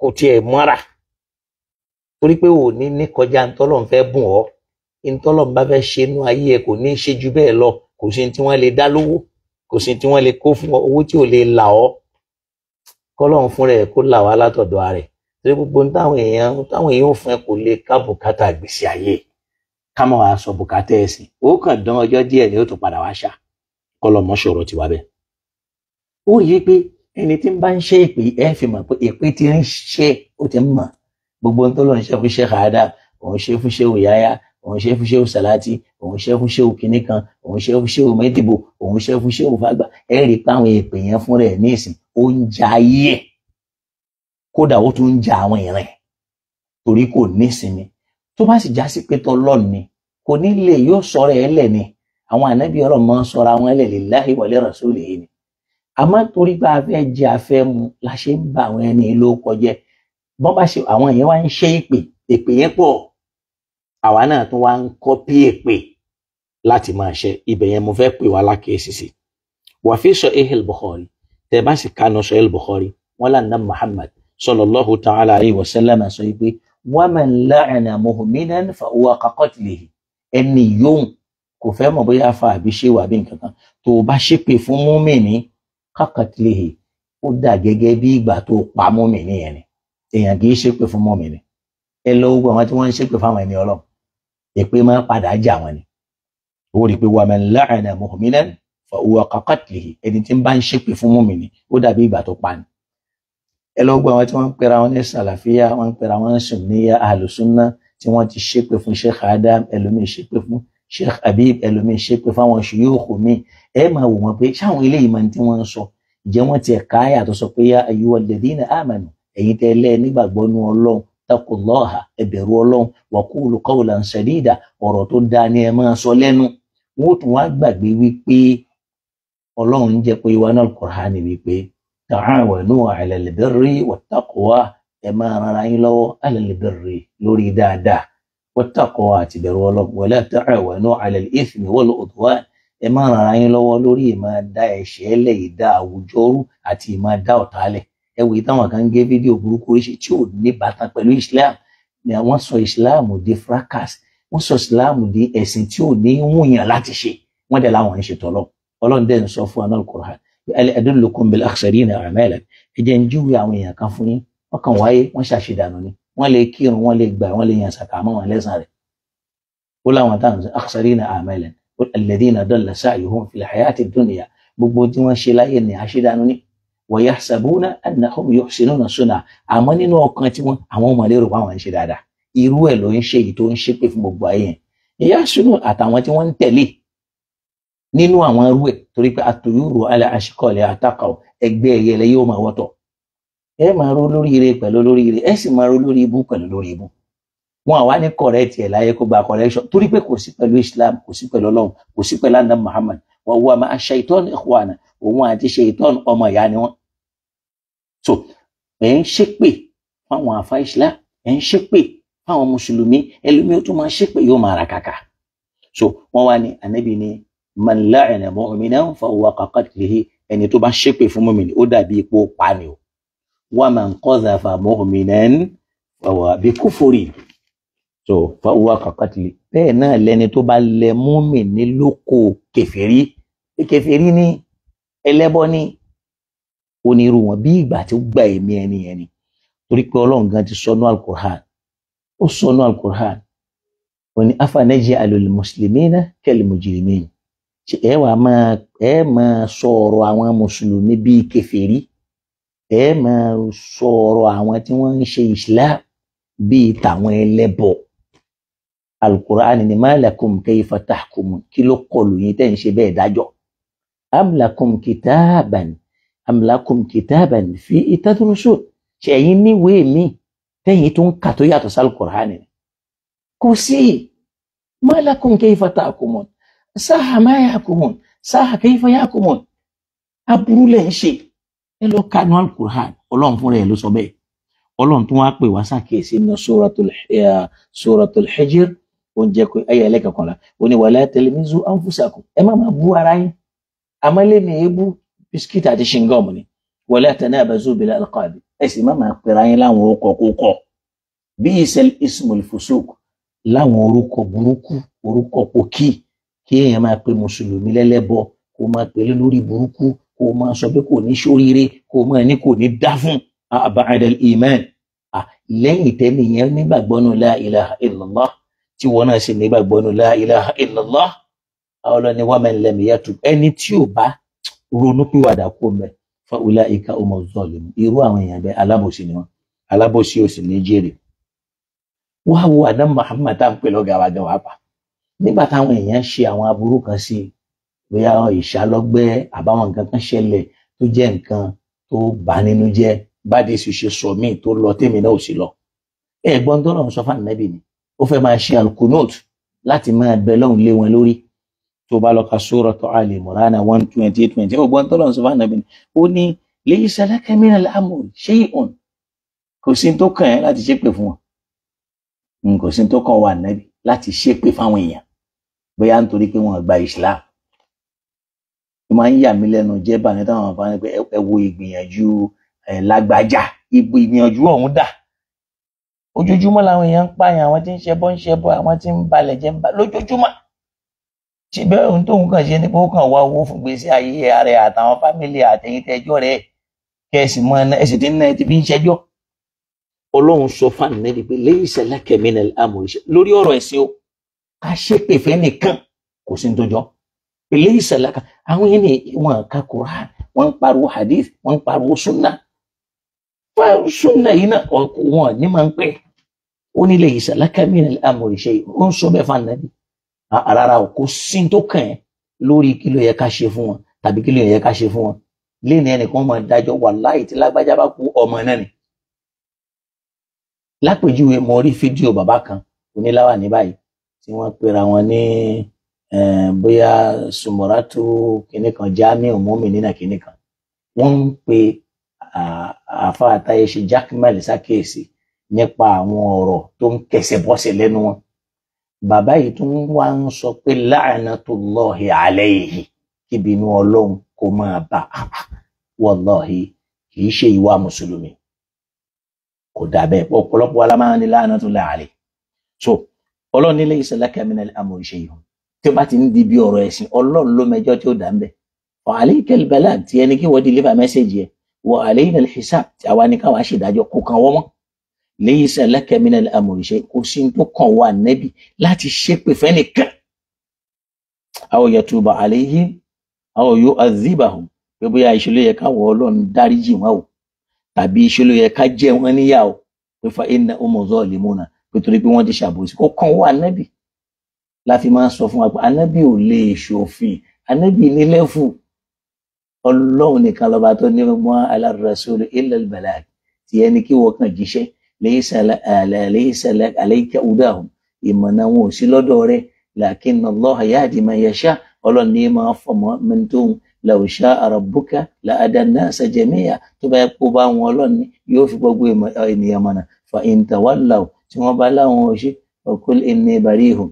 kò tiẹ̀ mọ́ra torí pé ò ní ní kọjá ntọ́lọ́n fẹ́ bùn ọ́ ntọ́lọ́n bá fẹ́ ṣe inú ayé ẹ kò ní í ṣe ju bẹ́ẹ̀ lọ kò sí tí wọ́n lè dá lówó kò sí tí wọ́n lè kó fún owó tí ò lè là ọ́ kọ́lọ́run fún rẹ̀ kó là wá látọ̀dọ̀ rẹ̀ torí gbogbo táwọn èèyàn táwọn èèyàn fún ẹ kò lè ká bùkátà gbèsè ayé ká má wàá sọ bùkátà ẹ̀sìn ó kàn dán ọjọ́ díẹ̀ ni ó tún padà wá ṣá kọ́lọ́ mọ́ ṣòro tiwa bẹ́ẹ̀ ó rí pé ẹni tí ń bá ń ṣe èpè ẹ fi mọ̀ pé èpè ti ń ṣe ó ti ń mọ̀ gbogbo ohun tó lọ ń ṣe fún ṣe kàádà òun ṣe fún ṣe òyáyá òun ṣe fún ṣe òsàlátì òun ṣe fún ṣe òkìní kan òun ṣe fún ṣe òmẹdìbò òun ṣe fún ṣe òfàgbà ẹ rí i pé àwọn èpè yẹn fún rẹ ní ìsìn ó ń ja ayé ẹ kódà ó tún ń ja àwọn ìrìn torí kò ní ìsinmi tó bá sì já sí pé tọlọ́ọ̀ ni kò ní lè yóò sọ̀rọ̀ ẹ lẹ̀ ni àwọn ànábì ọlọ́mọ sọ̀rọ̀ àwọn ẹlẹ́lẹ́ láhìwọlé rẹ̀ sóòlì yìí ni àmọ́ torí pé a fẹ́ jẹ afẹ́ mu la ṣe ń ba àwọn ẹni ló kọjẹ bọ́n bá ṣe àwọn yẹn wá ń ṣe ìpè ìpè yẹn pọ̀ àwa náà tún wá ń kọ́pì ìpè láti máa ṣe ibẹ̀ yẹn mo fẹ́ pè wá lákèésí sí wàfi sọ ehel bukhari tẹ bá sì kánú sọ ehel bukhari wọn lànà muhammad sallallahu ta'ala alayhi wa sallam sọ pé wa man la'ana mu'minan fa huwa ka qatlihi ẹni yóò kò fẹ́ mọ̀ bóyá fa àbí ṣe wà bí nǹkan kan tó o bá ṣépè fún múmìnì kákàtìlẹ́hìn ó dà gẹ́gẹ́ bí ìgbà tó pa mọ́mì nìyẹn ni èèyàn kì í ṣépè fún mọ́mì ni ẹ lọ gbọ́ àwọn tí wọ́n ń ṣépè fáwọn ẹni ọlọ́run èpè máa ń padà jà wọn ni ó rí i pé wàmẹ̀ láàrin mu'minan fa huwa kákàtìlẹ́hìn ẹni tí ń bá ń ṣépè fún mọ́mì ni ó dàbí ìgbà tó pa ni ẹ lọ gbọ́ àwọn tí wọ́n ń pera wọn ní sàlàfíà wọ́n ń pera wọn ní sùnníyà tí wọ́n ti ṣépè fún sheikh adam ẹlòmíì ṣépè fún sheikh habib ẹlòmíì ṣépè fáwọn ṣùyóòkù míì ẹ máa wò wọn pé ṣáwọn eléyìí máa ń tí wọ́n ń sọ ìjẹ́ wọ́n tiẹ̀ káyà tó sọ pé yá ayú alladhina amanu ẹ̀yin tẹ́ lẹ́ nígbàgbọ́ nu ọlọ́run taqullaha ẹ bẹ̀rù ọlọ́run wa qulu qawlan sadida ọ̀rọ̀ tó dáa ni ẹ máa sọ lẹ́nu wọn tún wá gbàgbé wípé ọlọ́run ń jẹ́ pé wa náà Al-Qur'ani wípé ta'awanu 'ala ẹ má ràn ara yín lọ́wọ́ lórí ìmọ̀ da ẹ̀ṣẹ̀ lẹ̀ ìdá àwùjọ rú àti ìmọ̀ da ọ̀tá lẹ̀ ẹ wòye táwọn kan ń gé fídíò burúkú oríṣi tí ò ní bàtàn pẹ̀lú Islam wọ́n sọ Islam di fracas wọ́n sọ Islam di ẹ̀sìn tí ò ní wùyàn láti ṣe wọ́n dẹ̀ láwọn ń ṣe tọ́lọ́ ọlọ́run dẹ̀ ń sọ fún anal Qur'an adúlùkùn bil akhsarina a'mala ẹ jẹ́ ń júwe àwọn èèyàn kan fún yín wọ́n kàn wáyé wọ́n ṣàṣedànù ni wọ́n lè kírun wọ́n lè gbà wọ́n lè yàn sàkà wọn lẹ́sàn rẹ̀ ó láwọn táwọn akhsarina a'mala alladhina dalla sa'yuhum fil hayati dunya gbogbo tí wọ́n ṣe láyé ní àṣìdánù ní wa yahsabuna annahum yuhsinuna sun'a àmọ́ nínú ọkàn tí wọ́n àwọn ọmọ lérò pé àwọn ń ṣe dáadáa irú ẹ̀ ló ń ṣe èyí tó ń ṣépè fún gbogbo ayé yẹn ìyá sunu àtàwọn tí wọ́n ń tẹ̀lé nínú àwọn irú ẹ̀ torí pé àtòyúrò alẹ́ àṣekọ̀lẹ̀ àtàkọ̀ ẹgbẹ́ ẹ̀yẹlẹ yóò máa wọ́tọ̀ ẹ máa ró lóríire pẹ̀lú lóríire ẹ sì máa ró lórí ibú pẹ̀lú lórí ibú wọn àwa ní kọrẹẹtì ẹ láyé kó gba correction torí pé kò sí pẹ̀lú islam kò sí pẹ̀lú Ọlọ́run kò sí pẹ̀lú anam muhammad wọn wọ àmà ṣèitọ́nù ikhwana òun àti ṣèitọ́nù ọmọ ìyá ni wọn. so ẹ ń ṣépè fáwọn àfa islam ẹ ń ṣépè fáwọn mùsùlùmí ẹlòmíì ó tún máa ṣépè yóò máa ra kàkà. so wọn wá ní anabi ní man la'ana mu'minan fahuwa ka qatlihi ẹni tó bá ṣépè fún mọ́mìnì ó dàbí ipò pàmì o wa man qadhafa mu'minan so fáwọn àkàkàtìlẹ bẹ́ẹ̀ náà lẹni tó bá lẹ múmi ní lóko kẹfẹrí kẹfẹrí ní ẹlẹ́bọ ní onírú wọn bí ìgbà tí ó gba ẹ̀mí ẹni ẹni torí pé Ọlọ́run gan ti sọnù alukur'an ó sọnù alukur'an wọn ni afanẹjẹ alòlè mùsùlùmí náà kẹlẹ mùjìrìmí ṣe ẹ wàá máa ẹ máa sọ̀rọ̀ àwọn mùsùlùmí bíi kẹfẹrí ẹ máa sọ̀rọ̀ àwọn tí wọ́n ń ṣe islam bíi tàwọn ẹlẹ́bọ alukur'an ni malakum kayfa tahkumun kí ló kọlù yín tẹ́ ń ṣe bẹ́ẹ̀ dájọ́ amlakum kitaban amlakum kitaban fi itadrusu ṣẹ̀yìn níwèé mi tẹ́yìn tó ń kà tó yàtọ̀ sí alukur'an ni kò sí malakum kayfa tahkumun sáà má yahkumun sáà kayfa yahkumun aburú lẹ́ ń ṣe ẹ lọ kanu alukur'an ọlọ́run fúnra ẹ̀ ló sọ bẹ́ẹ̀ ọlọ́run tó wá pè wá sàkíyèsí ní eh, suratul hijr ó ń jẹ́ pé ayé ẹlẹ́kọ̀ọ́kànlá ó ní wàlá tẹlẹmísù anfusakum ẹ má máa bú ara yín amálẹ́mì ebú bisikíìtì àti ṣingọ́ọ̀mù ni wàlá tanabazu bil alqabi ẹ sì má máa pera yín láwọn orúkọ kókọ bí isel ismul fusuk láwọn orúkọ burúkú orúkọ pòkì kí èèyàn máa pe mùsùlùmí lẹ́lẹ́bọ kó máa pe lórí burúkú kó máa sọ pé kò ní sóríire kó máa ní kò ní dá fún ba'dal iman lẹ́yìn tẹ́lẹ̀ yẹn nígbàgbọ́nù la ilaha illallah tí wọn náà ṣe nígbàgbọ́ nù la ilaha illallah àwọn ọlọ́ni waman lam yatub ẹni tí ò bá ronú pìwàdà kó mẹ fa ulaika umu zalimun irú àwọn èèyàn bẹ́ẹ̀ alábòsí ni wọn alábòsí ò sì ní jèrè wá wo adam muhammad tá à ń pè lọ́gàá wa gan wàá pa nígbà táwọn èèyàn ṣe àwọn aburú kan sí i bóyá ìṣàlọ́gbẹ́ àbáwọn nǹkan kan ṣẹlẹ̀ tó jẹ́ nǹkan tó bà nínú jẹ́ bá dé sì ṣe sọ míì tó lọ tèmi náà ò sì lọ ẹ̀gbọ́n tó lọ́run sọ fún ànábì ni ó fẹ́ máa ṣe alkunut láti máa bẹ lọ́hùn lé wọn lórí tó bá lọ ka suratu Ali Imran one twenty eight twenty ọgbọ́n tọ́lọ̀ sọ fún anabi ó ní laysa laka mina al-amri shay'un kò sí tó kàn ẹ́ láti ṣépè fún wọn hmm, kò sí tó kàn wà nábì láti ṣépè fáwọn èèyàn bóyá nítorí pé wọn gba Islam ó máa ń yà mí lẹ́nu jẹ́ bàánú táwọn afáàní pé wo ìgbìyànjú lágbájá ìgbìyànjú ọ̀hún dà ojoojúmọ́ làwọn èèyàn ń pààyàn àwọn tí ń ṣẹbọ ń ṣẹbọ àwọn tí ń balẹ̀ jẹ́ ń ba lójoojúmọ́ ṣe bẹ́ẹ̀ ohun tóun kàn ṣe ni pé ó kàn wá owó fún gbèsè ayé ààrẹ àtàwọn fámìlì àtẹ̀yìntẹ́jọ́ rẹ̀ kẹ̀sì mọ́ ẹ̀sìn tí ń náà ti fi ń ṣẹjọ́ ọlọ́run sọ fáànù náà pé lẹ́yìn ìṣẹ̀lẹ̀ kẹ̀mínà amòrìṣẹ́ lórí ọ̀rọ̀ ẹ̀sìn o ká ṣépè fẹ́ nìkan kò sí tó jọ lẹ́yìn ìṣẹ̀lẹ̀ kan àwọn yẹn ni wọn ka Quran wọn ń pariwo hadith wọn ń pariwo sunna sunna yìí náà wọn ní máa ń pè ó ní laysa laka min al-amri shay ó ń sọ bẹ́ẹ̀ fún ànábì rárá o kò sí tó kàn ẹ́ lórí kí ló yẹ ká ṣe fún wọn tàbí kí ló yẹ ká ṣe fún wọn léèní ẹnìkan máa dájọ́ wàláhì tí lágbájá bá kú ọmọ náà ni. lápèjúwe mo rí fídíò bàbá kan oníláwà ní báyìí tí wọ́n pera wọn ní eh, bóyá sùmọ̀ràtú kìnnì kan jamiu mu'minina kìnnì kan wọ́n ń pe ah, àfa àtàyè ṣe jákèmẹ́lì sákèèsì nípa àwọn ọ̀rọ̀ tó ń kẹsẹ̀ bọ́sẹ̀ lẹ́nu wọn bàbá yìí tún wá ń sọ pé la'natullahi alayhi kíbinú ọlọ́run kó máa bá wallahi kì í ṣe ìwà mùsùlùmí kò dà bẹ́ẹ̀ ọ̀pọ̀lọpọ̀ alámáà ní la'natullahi alayhi so ọlọ́run nílé laysa min al-amri shay'un tí ó bá ti ń di bí ọ̀rọ̀ ẹ̀sìn ọlọ́run ló mẹjọ́ tí ó dà ń bẹ̀ alayka al-balagh laysa laka min al-amri shay kò sí tó kàn wá nẹ́bí láti ṣépè fẹ́nìkan aw yatuba alayhim aw yu'adhibahum pé bóyá iṣẹ́ ló yẹ káwọ́ ọlọ́run dáríjì wọn o tàbí iṣẹ́ ló yẹ ká jẹ wọn níyà o pé fa innahum zalimuna pé torí pé wọ́n ti ṣàbòsí kó kàn wá nẹ́bí láti máa sọ fún wa pé anábì ò lè ṣòfin anábì ní lẹ́fù nìkan lọ́ba tó ní mọ́ ala rasul illa al-balag kí wọ́n kàn jíṣẹ́ laysa alayka udahum ìmọ̀nà wọn ò sí lọ́dọ̀ rẹ lakinna Allaha yahdi man yasha ọlọ́run ní máa fọmọ mẹ́tòun law sha'a rabbuka la'ada an-nasa jami'a tó bá yẹ kó bá wọn ọlọ́run yóò fi gbogbo ènìyàn mọ̀nà fa in tawallaw tí wọ́n bá láwọn ọṣẹ́ ọkùn inni barihum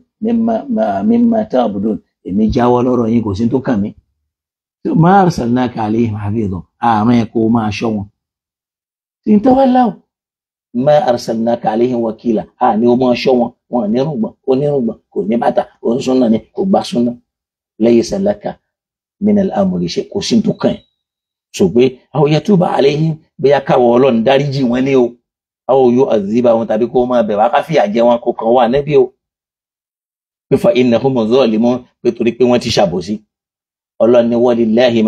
mimma ta'budun èmi jáwọ́ lọ́rọ̀ yín kò sí tó kàn mí. ma arsalnaka alayhim hafidhan àmọ́ ẹ̀ kó máa ṣọ́ wọn. in tawallaw ma arsalnaka alaihim wakila a ní o máa ṣọ́ wọn wọn nírùngbọ̀n onírùngbọ̀n kò ní bàtà òun súnà ni kò gbá súnà laysa laka minal amri shay kò sí tó kàn so pé aw yatuba alaihim bóyá káwọ Ọlọ́run dáríjì wọn ní o aw yu'adhibahum tàbí kó máa bẹ̀ wá ká wọn kó kàn wà nẹ́bí o pé fa innahum zalimun pé torí pé wọ́n ti ṣàbòsí Ọlọ́run ni walillahi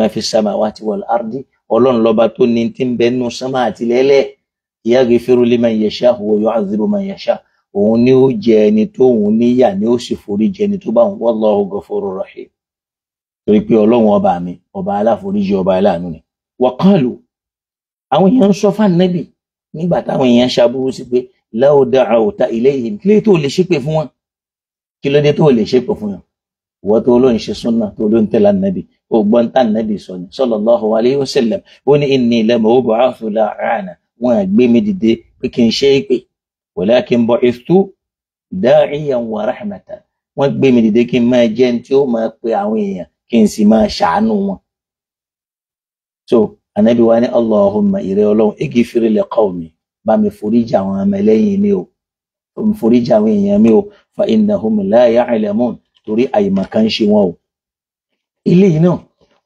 yaghfiru liman yasha'u wa yu'adhibu man yasha'u òun ni ó jẹ ẹni tó òun níyà ni ó sì forí jẹ ẹni tó bá òun wallahu ghafurur rahim torí pé ọlọ́run ọba mi ọba aláforíjì ọba aláàánú ni wa qalu àwọn èèyàn ń sọ fáànẹ́bì nígbà táwọn èèyàn ṣaburú sí pé law da'awta ilayhim kí ló tó lè ṣépè fún wọn kí ló dé tó lè ṣépè fún wọn tó ló ń ṣe súnà tó ló ń tẹ̀lé ànẹ́bì ó tá ànẹ́bì sọ ni sallallahu alayhi wa sallam ó ní inni lamab'uthu la'ana wọn gbé mi dìde pé kí n ṣe é pè walakin bu'ithtu da'iyan wa rahmatan wọn gbé mi dìde kí n máa jẹ́ ní tí ó máa pe àwọn èèyàn kí n sì máa ṣàánú wọn. so anabi wa ni allahumma ire Ọlọ́run igfir li qawmi bá mi foríjì àwọn ọmọ ẹlẹ́yìn mi o foríjì àwọn èèyàn mi o fa innahum la ya'lamun torí àìmọ̀kan ṣe wọn o. ilé yìí náà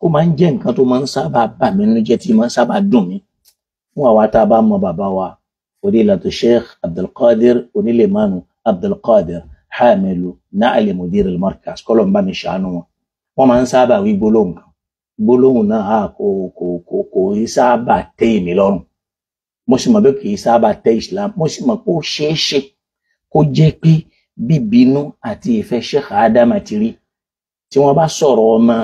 ó máa ń jẹ́ nǹkan tó máa ń sábà bà mí nínú jẹ́ tí máa ń sábà dùn mí fún àwa tá a bá mọ bàbá wa fadilatu sheikh abdulkadir onílẹ̀mánu abdulkadir hamilu naali mudir al-markaz kọlọmbà mi ṣàánú wọn wọn máa ń sábà wí gbólóhùn kan gbólóhùn náà a kò kò kò kò í sábà tẹ́ èmi lọ́rùn mo sì mọ̀ pé kì í sábà tẹ́ islam mo sì mọ̀ pé ó ṣeé ṣe kó jẹ́ pé bíbínú àti ìfẹ́ sheikh adama ti rí tí wọ́n bá sọ̀rọ̀ ọmọ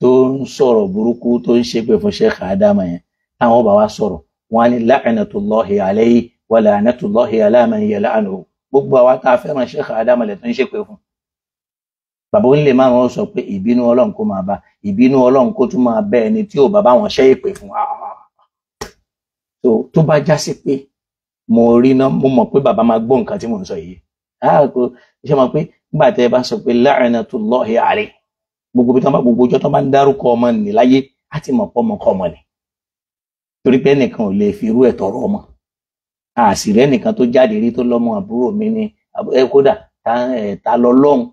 tó ń sọ̀rọ̀ burúkú tó ń ṣépè fún sheikh adama yẹn táwọn bá wa sọ̀rọ̀ wọn á ní la'natullahi alayhi wa la'natullahi ala man yal'anuhu gbogbo àwa tá a fẹ́ràn Sheikh Adam alẹ tó ń ṣépè fún bàbá onílé márùn ó sọ pé ìbínú Ọlọ́run kó máa bá ìbínú Ọlọ́run kó tún máa bẹ ẹni tí ò bàbá wọn ṣe ìpè fún ah, ah, ah. tó bá já sí pé mo rí náà mo mọ̀ pé bàbá máa gbọ́ nǹkan tí mò ń sọ yìí ààkó ṣe mọ̀ pé nígbà tẹ bá sọ pé la'natullahi alayhi gbogbo bí bá gbogbo ọjọ́ tó bá ń dárúkọ ọmọ nì torí pé ẹnìkan ò lè fi irú ẹ̀ tọrọ ọmọ àṣìrẹ ẹnìkan tó jáde rí tó lọ́mọ àbúrò mi ni ẹ kódà ta lọ lọ́hùn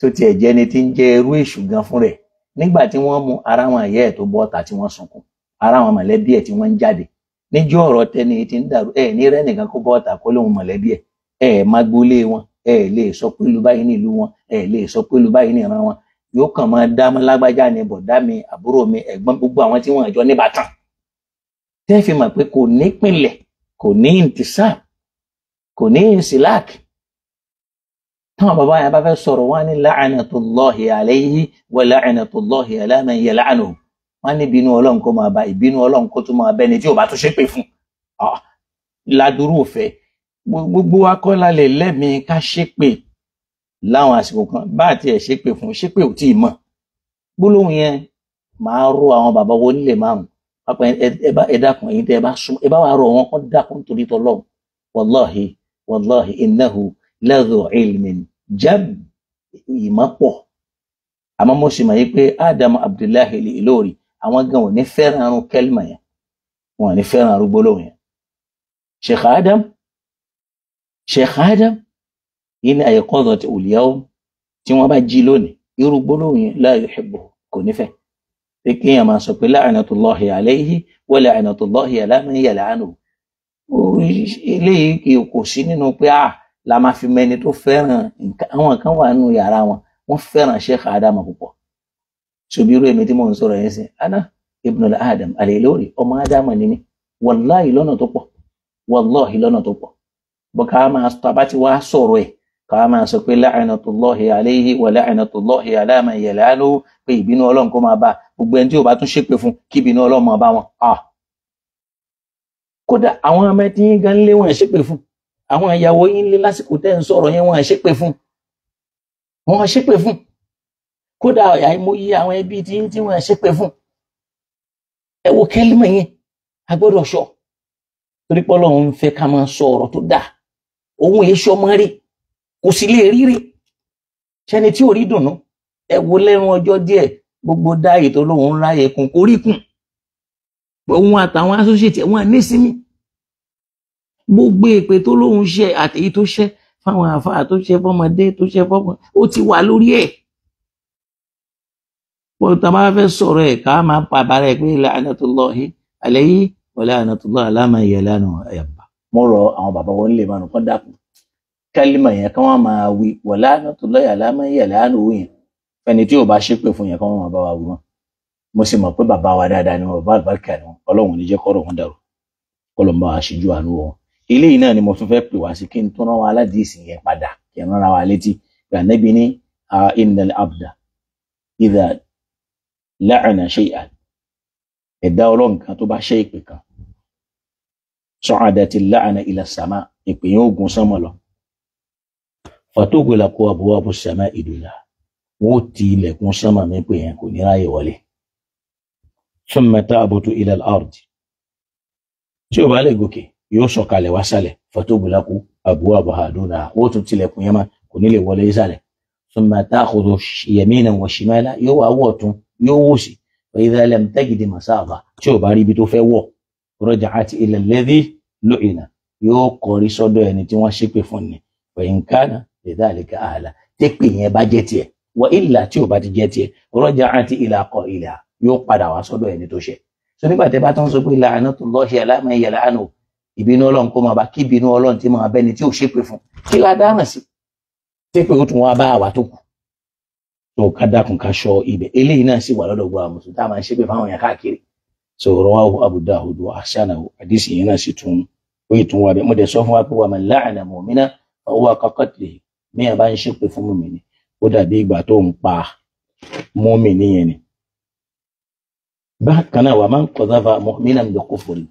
tó tiẹ̀ jẹ́ ni ti ń jẹ́ irú èṣù gan fún rẹ̀ nígbà tí wọ́n mú ara wọn ẹ̀yẹ́ ẹ̀ tó bọ́ ta tí wọ́n sunkún ara wọn mọ̀lẹ́bí ẹ̀ tí wọ́n ń jáde níjọ́ ọ̀rọ̀ tẹni ti ń dàrú ẹ̀ ní rẹ́ nìkan kó bọ́ ta kó lóun mọ̀lẹ́bí ẹ̀ ẹ̀ má gbólé wọn ẹ̀ lè sọ pé ìlú báyìí ní wọn ẹ̀ lè sọ pé ìlú báyìí ní wọn yóò kàn máa dá lágbájá ni bọ̀dá mi àbúrò mi ẹ̀gbọ́n gbogbo àwọn tí wọ́n jọ níbàtàn tẹ́ fi mọ̀ pé kò nípìnlẹ̀ kò ní intisab kò ní insilak táwọn bàbá yẹn bá fẹ́ sọ̀rọ̀ wọn ní la'anatullahi alayhi wa la'anatullahi ala man yal'anuhu wọn ní ìbínú ọlọ́run kó máa bá ìbínú ọlọ́run kó tún máa bẹ́ni tí ò bá tún ṣépè fún ládùúrú òfẹ́ gbogbo wa kọ́ la lè lẹ́mìí ká ṣépè láwọn àsìkò kan bá àti ẹ̀ ṣépè fún ṣépè ò tí ì mọ̀ gbólóhùn yẹn máa rú àwọn bàbá wo nílé márùn apẹ ẹ dákun ẹ̀yin tẹ ẹ bá súnmọ́ ẹ bá wà rọ wọn kàn dákun nítorí tọlọ́run wàláhì wàláhì innahu ladhu ilmin jab ìmọ̀ pọ̀ àmọ́ mo sì mọ̀ yí pé adam abdullahi ilori àwọn gan ò ní fẹ́ràn arún kẹlìmọ̀ yẹn wọn ò ní fẹ́ràn arún gbólóhùn yẹn sheikh adam sheikh adam yìí ni àyẹ̀kọ́ ọ̀dọ̀ ti òlìyàwó tí wọ́n bá jí lónìí irú gbólóhùn yẹn la yuhibbu kò nífẹ̀ẹ́ pé kéèyàn máa sọ pé la'natullahi alayhi wa la'natullahi ala man yal'anuhu eléyìí kì kò sí nínú pé à ah, la máa fi mẹni tó fẹ́ràn àwọn kan wà nínú yàrá wọn wọ́n fẹ́ràn Sheikh Adama púpọ̀ ṣòbí irú èmi tí mò ń sọ̀rọ̀ yẹn sìn ana ibnul Adam al-Ilori ọmọ Adama ni mí wàláhì lọ́nà tó pọ̀ wàláhì lọ́nà tó pọ̀ bọ́ ká máa tàbá ti wá sọ̀rọ̀ ẹ̀ ká máa sọ pé la'natullahi alayhi wa la'natullahi ala man yal'anuhu pé ìbínú Ọlọ́run kó máa bá a gbogbo ẹni tí ò bá tún ṣépè fún kíbi iná ọlọ́mọ bá wọn kódà àwọn ọmọ tí yín gan lé wọn ṣépè fún àwọn ìyàwó yín lé lásìkò tẹ́ ń sọ̀rọ̀ yẹn wọn ṣépè fún wọn ṣépè fún kódà àìmọye àwọn ẹbí tí yín tí wọn ṣépè fún ẹ wo kẹlímọ yẹn a gbọ́dọ̀ sọ torí pé Ọlọ́run ń fẹ́ ká máa sọ tó dáa òun èé sọmọ rí kò sì lè rí rí ṣẹni tí ò rí dùnú ẹ wo lẹ́nu ọjọ́ díẹ̀ gbogbo dáàyè tó lóun ń ráyè kún koríkùn òun àtàwọn associate wọn nísìmí gbogbo èpè tó lóun ṣe àtèyí tó ṣe fáwọn àfáà tó ṣe fọmọdé tó ṣe fọmọ ó ti wà lórí ẹ̀ pọ̀ tá a bá fẹ́ sọ̀rọ̀ ẹ̀ ká máa pa bàrà ẹ̀ pé la'natullahi alayhi wa la'natullahi ala man yalanu ẹ̀yàbà mo rọ àwọn bàbá wọn lè máa nù kọ́ dàkú kálímà yẹn kí wọ́n máa wí wa la'natullahi ala man yalanu òun yẹn fẹni tí ò bá ṣépè fún yẹn kọ́ wọn bá wa wù wọn mo sì mọ̀ pé bàbá wa dáadáa ni wọn bá àgbàkà ni wọn ọlọ́run ní jẹ́ kọ́rọ̀ wọn dàrú kọ́lọ̀ ń bá wa ṣíjú àánú wọn eléyìí náà ni mo tún fẹ́ pè wá sí kí n tún rán wa aládìísì yẹn padà kí n rán wa létí gbànẹ́bí ní innal abda idha la'ana shay'an ẹ̀dá ọlọ́run kan tó bá ṣe ìpè kan sa'adati la'ana ila sama ìpè yẹn ó gun sánmọ̀ lọ fatughla abwabu as-sama'i dunya wọn ó ti ilẹ̀kùn sánmà mi pé yẹn kò ní ráyè wọlé thumma ta'butu ila al-ard tí o bá lè gòkè yóò sọ̀kalẹ̀ wá sálẹ̀ fatubulaku abwabuha dunaha ó tún tilẹ̀kùn yẹn mà kò ní lè wọlé sálẹ̀ thumma ta'khudhu yaminan wa shimala yóò wá wọ̀ tún yóò wò sí fa idha lam tajid masaga tí o bá rí ibi tó fẹ́ wọ̀ raja'at ila alladhi lu'ina yóò kọrí sọ́dọ̀ ẹni tí wọ́n ṣépè fún ni fa in kana lidhalika ahla tẹ́pẹ̀ yẹn bá jẹ́ tiẹ̀ wọ ìlà tí ò bá ti jẹ́ tiẹ̀ rọ́jà àti ìlà kọ ìlà yóò padà wá sọ́dọ̀ ẹni tó ṣẹ̀ so nígbà tẹ́ bá tán sọ pé la'natullahi ala man yal'anu ìbínú ọlọ́run kó máa bá kí ìbínú ọlọ́run tí máa bẹ́ni tí ò ṣépè fún kí la dáràn sí ṣépè ó tún wá bá àwa tó kù tó ká dákun ká ṣọ ibẹ̀ eléyìí náà sì wà lọ́dọ̀ gbọ́ àwọn mùsùlùmí tá a máa ń ṣépè fáwọn èèyàn káàkiri so rawahu Abu Dawud wa ahsanahu àdìsí yẹn náà sì tún ó yìí tún wà bẹ́ẹ̀ mo dẹ̀ sọ fún wa pé wa man la'ana mu'mina fa huwa ka qatlihi mí ó dàbí ìgbà tó ń pa mọ́mì nìyẹn ni. bákan náà wà máa ń kọ́sáfà mọ́mìnà ń dọ̀kọ́ fòrí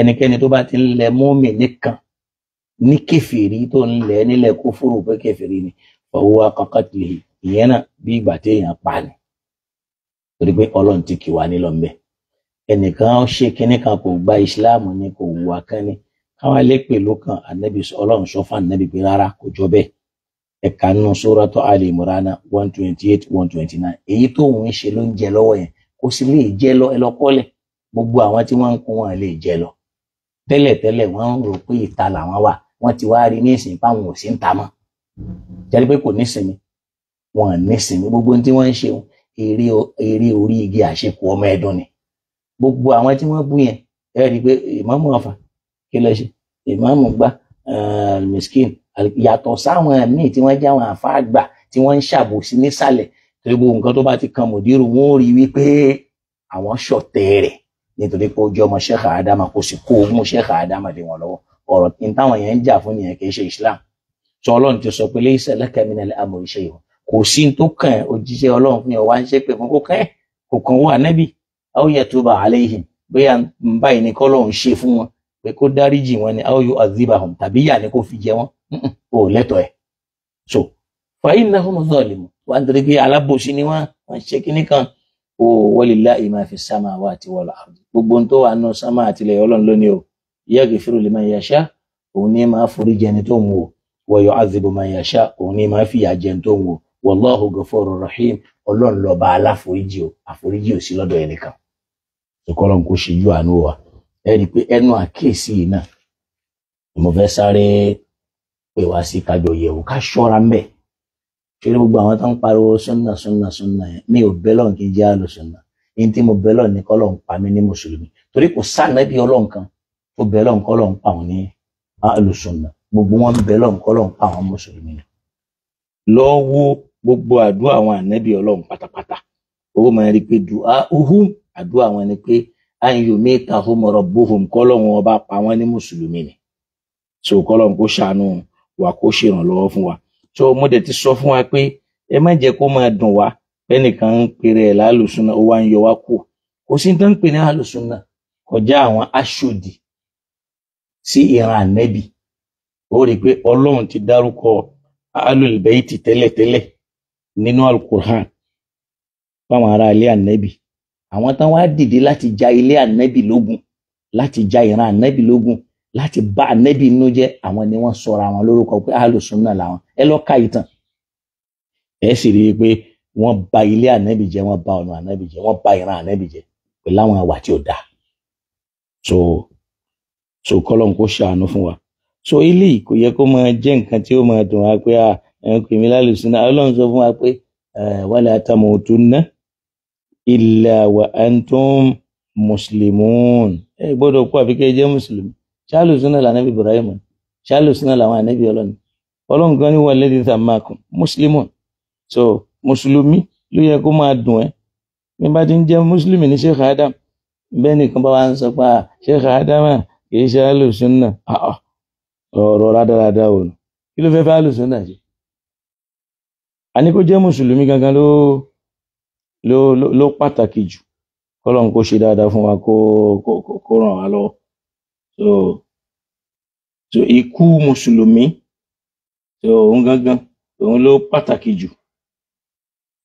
ẹnikẹ́ni tó bá ti ń lẹ mọ́mì nìkan ní kẹfìrí tó ń lẹ nílẹ̀ kó fòrò pé kẹfìrí ni fọwọ́ akọ́kọ́tìlẹ̀ ìyẹn náà bí ìgbà téèyàn pa ni torí pé ọlọ́run ti kì wá nílọ́mbẹ́ ẹnìkan ó ṣe kínní kan kò gba ìsìláàmù ni kò wù wá kán ni káwọn lè pè lókàn ànábì ọlọ́run sọ fún ànábì pé rárá kò jọ bẹ́ẹ̀ ẹ̀ka nù Suratu Ali Imran one twenty eight one twenty nine èyí tó ń ṣe ló ń jẹ lọ́wọ́ yẹn kò sì lè jẹ lọ ẹ lọ kọ́lẹ̀ gbogbo àwọn tí wọ́n ń kó wọn lè jẹ lọ tẹ́lẹ̀tẹ́lẹ̀ wọ́n ń rò pé ìta làwọn wà wọ́n ti wá rí nísìnyí páwọn ò sí ń ta mọ́ jẹ́rí pé kò nísìnyí wọn nísìnyí gbogbo tí wọ́n ń ṣe eré orí igi àṣekù ọmọ ẹ̀dùn ni gbogbo àwọn tí wọ́n bú yẹn ẹ rí i pé ìmáàmù ọ̀fà kí ló ṣe ìmáàmù gbá eh, miskin yàtọ̀ sáwọn míì tí wọ́n jẹ́ àwọn àfáà àgbà tí wọ́n ń ṣàbòsí nísàlẹ̀ torí gbogbo nǹkan tó bá ti kan mòdìrú wọn ò rí wípé àwọn ṣọ̀tẹ̀ rẹ̀ nítorí pé ojú ọmọ Sheikh Adama kò sì kó ogún Sheikh Adama dé wọn lọ́wọ́ ọ̀rọ̀ tí táwọn yẹn ń jà fún nìyẹn kì í ṣe Islam sọ Ọlọ́run ti sọ pé laysa laka minal amri shay'un kò sí tó kàn òjíṣẹ́ Ọlọ́run fún yẹn wá ń ṣe pé fún kó kàn kò kàn wọ́n ànábì aw yatuba alayhim bóyá báyìí ni kọ́lọ́run ṣe fún wọn pé kó dáríjì wọn ni aw yu'adhibahum tàbí yà ni kó fi jẹ wọn o ò lẹ́tọ̀ọ́ ẹ̀ so fàyín náà fún zalimu wà nítorí pé alábòsí ni wọn wọn ṣe kinní kan o walillahi ma fi samawati wal ardi gbogbo tó wà nù sámà àtìlẹ̀ ọlọ́run lónìí o yaghfiru liman yasha òun ní máa forí jẹni tó ń wò wa yu'adhibu man yasha òun ní máa fìyà jẹni tó ń wò wallahu ghafurur rahim ọlọ́run lọ́ba aláforíjì o àforíjì ò sí lọ́dọ̀ ẹnìkan ìkọlọ́n kò ṣe yú àánú wa ẹ rí i pé ẹnu àkíyèsí yìí náà mo fẹ́ sáré pè wá sí kájọ yẹ̀wò ká ṣọ́ra ń bẹ̀ ṣé gbogbo àwọn tó ń pariwo sunna sunna sunna yẹn mi ò bẹ́ lọ́n kí n jẹ́ àlọ́ sunna yín tí mo bẹ́ lọ́n ní kọ́lọ́n pa mí ní mùsùlùmí torí kò sáànà bí ọlọ́n kan tó bẹ́ lọ́n kọ́lọ́n pa òun ní àlọ́ sunna gbogbo wọn bẹ́ lọ́n kọ́lọ́n pa àwọn mùsùlùmí ni lọ gbogbo àdúrà àwọn ànábì ọlọ́run pátápátá owó máa rí pé dùá uhum àdúrà àwọn ni pé ayọ̀mí tahomọ̀rọ̀ bohom kọ́lọ́run ọba pa wọ́n ní mùsùlùmí ni so kọ́lọ́run kó ṣàánú wà kó ṣèrànlọ́wọ́ fún wa so mo dẹ̀ ti sọ fún wa pé ẹ má jẹ́ kó máa dùn wá bẹ́nìkan ń pèrè ẹ̀ lálùsùnà ó wá ń yọ wá kù kò sí tó ń pè ní àlùsùnà kọjá àwọn aṣòdì sí ìran ànẹ́bì ó rí i pé ọlọ́run ti dárúkọ alùlùbẹ́yìtì tẹ́lẹ̀tẹ́lẹ̀ nínú alukur'an fáwọn ará ilé ànẹ́bì àwọn táwọn á dìde láti já ilé ànẹ́bì lógun láti já ìran ànẹ́bì lógun láti bá ànẹ́bí inú jẹ́ àwọn ni wọ́n sọra wọn lórúkọ pé alùsùnà làwọn ẹ lọ ka ìtàn ẹ sì rí i pé wọ́n bà ilé ànẹ́bí jẹ́ wọ́n bà ọ̀nà ànẹ́bí jẹ́ wọ́n bà ìran ànẹ́bí jẹ́ pẹ̀lú àwọn àwà tí ò dáa so so kọ́lọ́n kó ṣàánú fún wa so ilé kò yẹ kó máa jẹ́ nǹkan tí ó máa dùn wá pé ẹnkù mi lálùsùnà ọlọ́run sọ fún wa pé wala tamutunna illa wa antum muslimun ẹ gbọ́dọ̀ kú àfikẹ́ jẹ́ mùsùlùmí ṣáàlù súnà lànàbí ibrahim ṣáàlù súnà làwọn ànàbí ọlọ́ni ọlọ́run gan ni wọ́n lẹ́dí tàmákùn mùsùlùmí so mùsùlùmí ló yẹ kó máa dùn ẹ́ bí bá ti ń jẹ́ mùsùlùmí ní sheikh adam bẹ́ẹ̀ nìkan bá wa ń sọ pé ah, sheikh adam ah, kì í ṣe àlù súnà ah, ọ̀rọ̀ rádaràda ò nù kí ló fẹ́ fẹ́ àlù súnà ṣe àní kó jẹ́ mùsùlùmí gangan ló ló ló pàtàkì jù kọ́lọ́n kó ṣe dáadáa fún wa kó kó kó ràn wá lọ́wọ́. so so ikú mùsùlùmí so òun gangan òun ló pàtàkì jù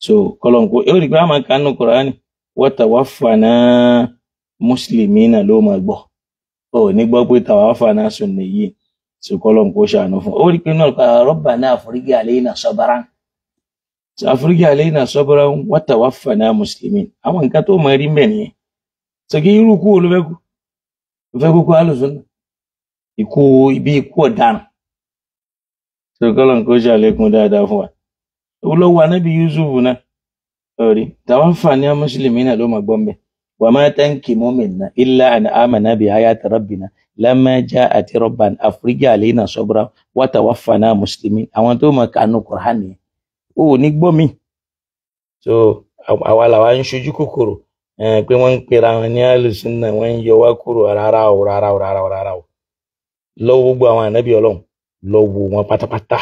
so kọlọm kó ẹ ó rí i pé a máa kánú kọránì mùsùlùmí náà ló máa gbọ́ ọ ní gbọ́ pé tàwáfànà sùnnì so kọlọm kó ṣàánú fún ó rọba náà so àforíjì àléyìnà sọbárà wàtàwáfànà mùsùlùmí àwọn nǹkan tó máa rí nìyẹn so kí irú kú ló fẹ́ kúkú alùsùn ikú ibi ikú ọ̀daràn tó kọ́lọ̀ kó ṣàlékún dáadáa fún wa olówó anábì Yusuf náà ọ̀rí tàwọn fàní mùsùlùmí náà ló máa gbọ́n bẹ́ẹ̀ wà máa tẹ́ǹkì mọ́mìnà ilá àná àmàna bíi ayáta rọ́bìnà lámà já àti rọ́bàn àforíjì àlẹ́yìnà sọ́bùrà wàtà wà fàní mùsùlùmí àwọn tó máa kànú Kùránì yẹn ní gbọ́ mi so àwa làwa ń ṣojú kòkòrò pé wọ́n ń pera wọn ní alùsùnà wọ́n ń yọ wá kúrò rárá o rárá o rárá o rárá o lọ́wọ́ gbogbo àwọn ànábì ọlọ́run lọ́wọ́ wọn pátápátá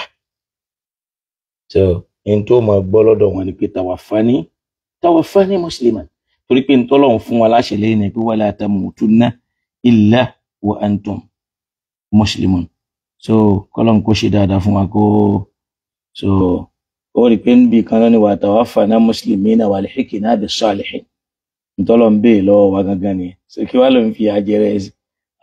so n tó mọ gbọ́ lọ́dọ̀ wọn ni pé tàwáfání tàwáfání mùsùlùmí torí pé ntọ́lọ́run fún wa láṣẹ lẹ́yìn ni pé wala tamutunna illa wa antum mùsùlùmí so kọ́lọ́n kó ṣe dáadáa fún wa kó so ó rí pé níbi kan náà ni wà tàwáfání mùsùlùmí náà wal hikina bis salihin ntọ́lọ̀ ń béè lọ́wọ́ wa gangan ni so kí wá ló ń fi àjẹrẹ ẹsẹ̀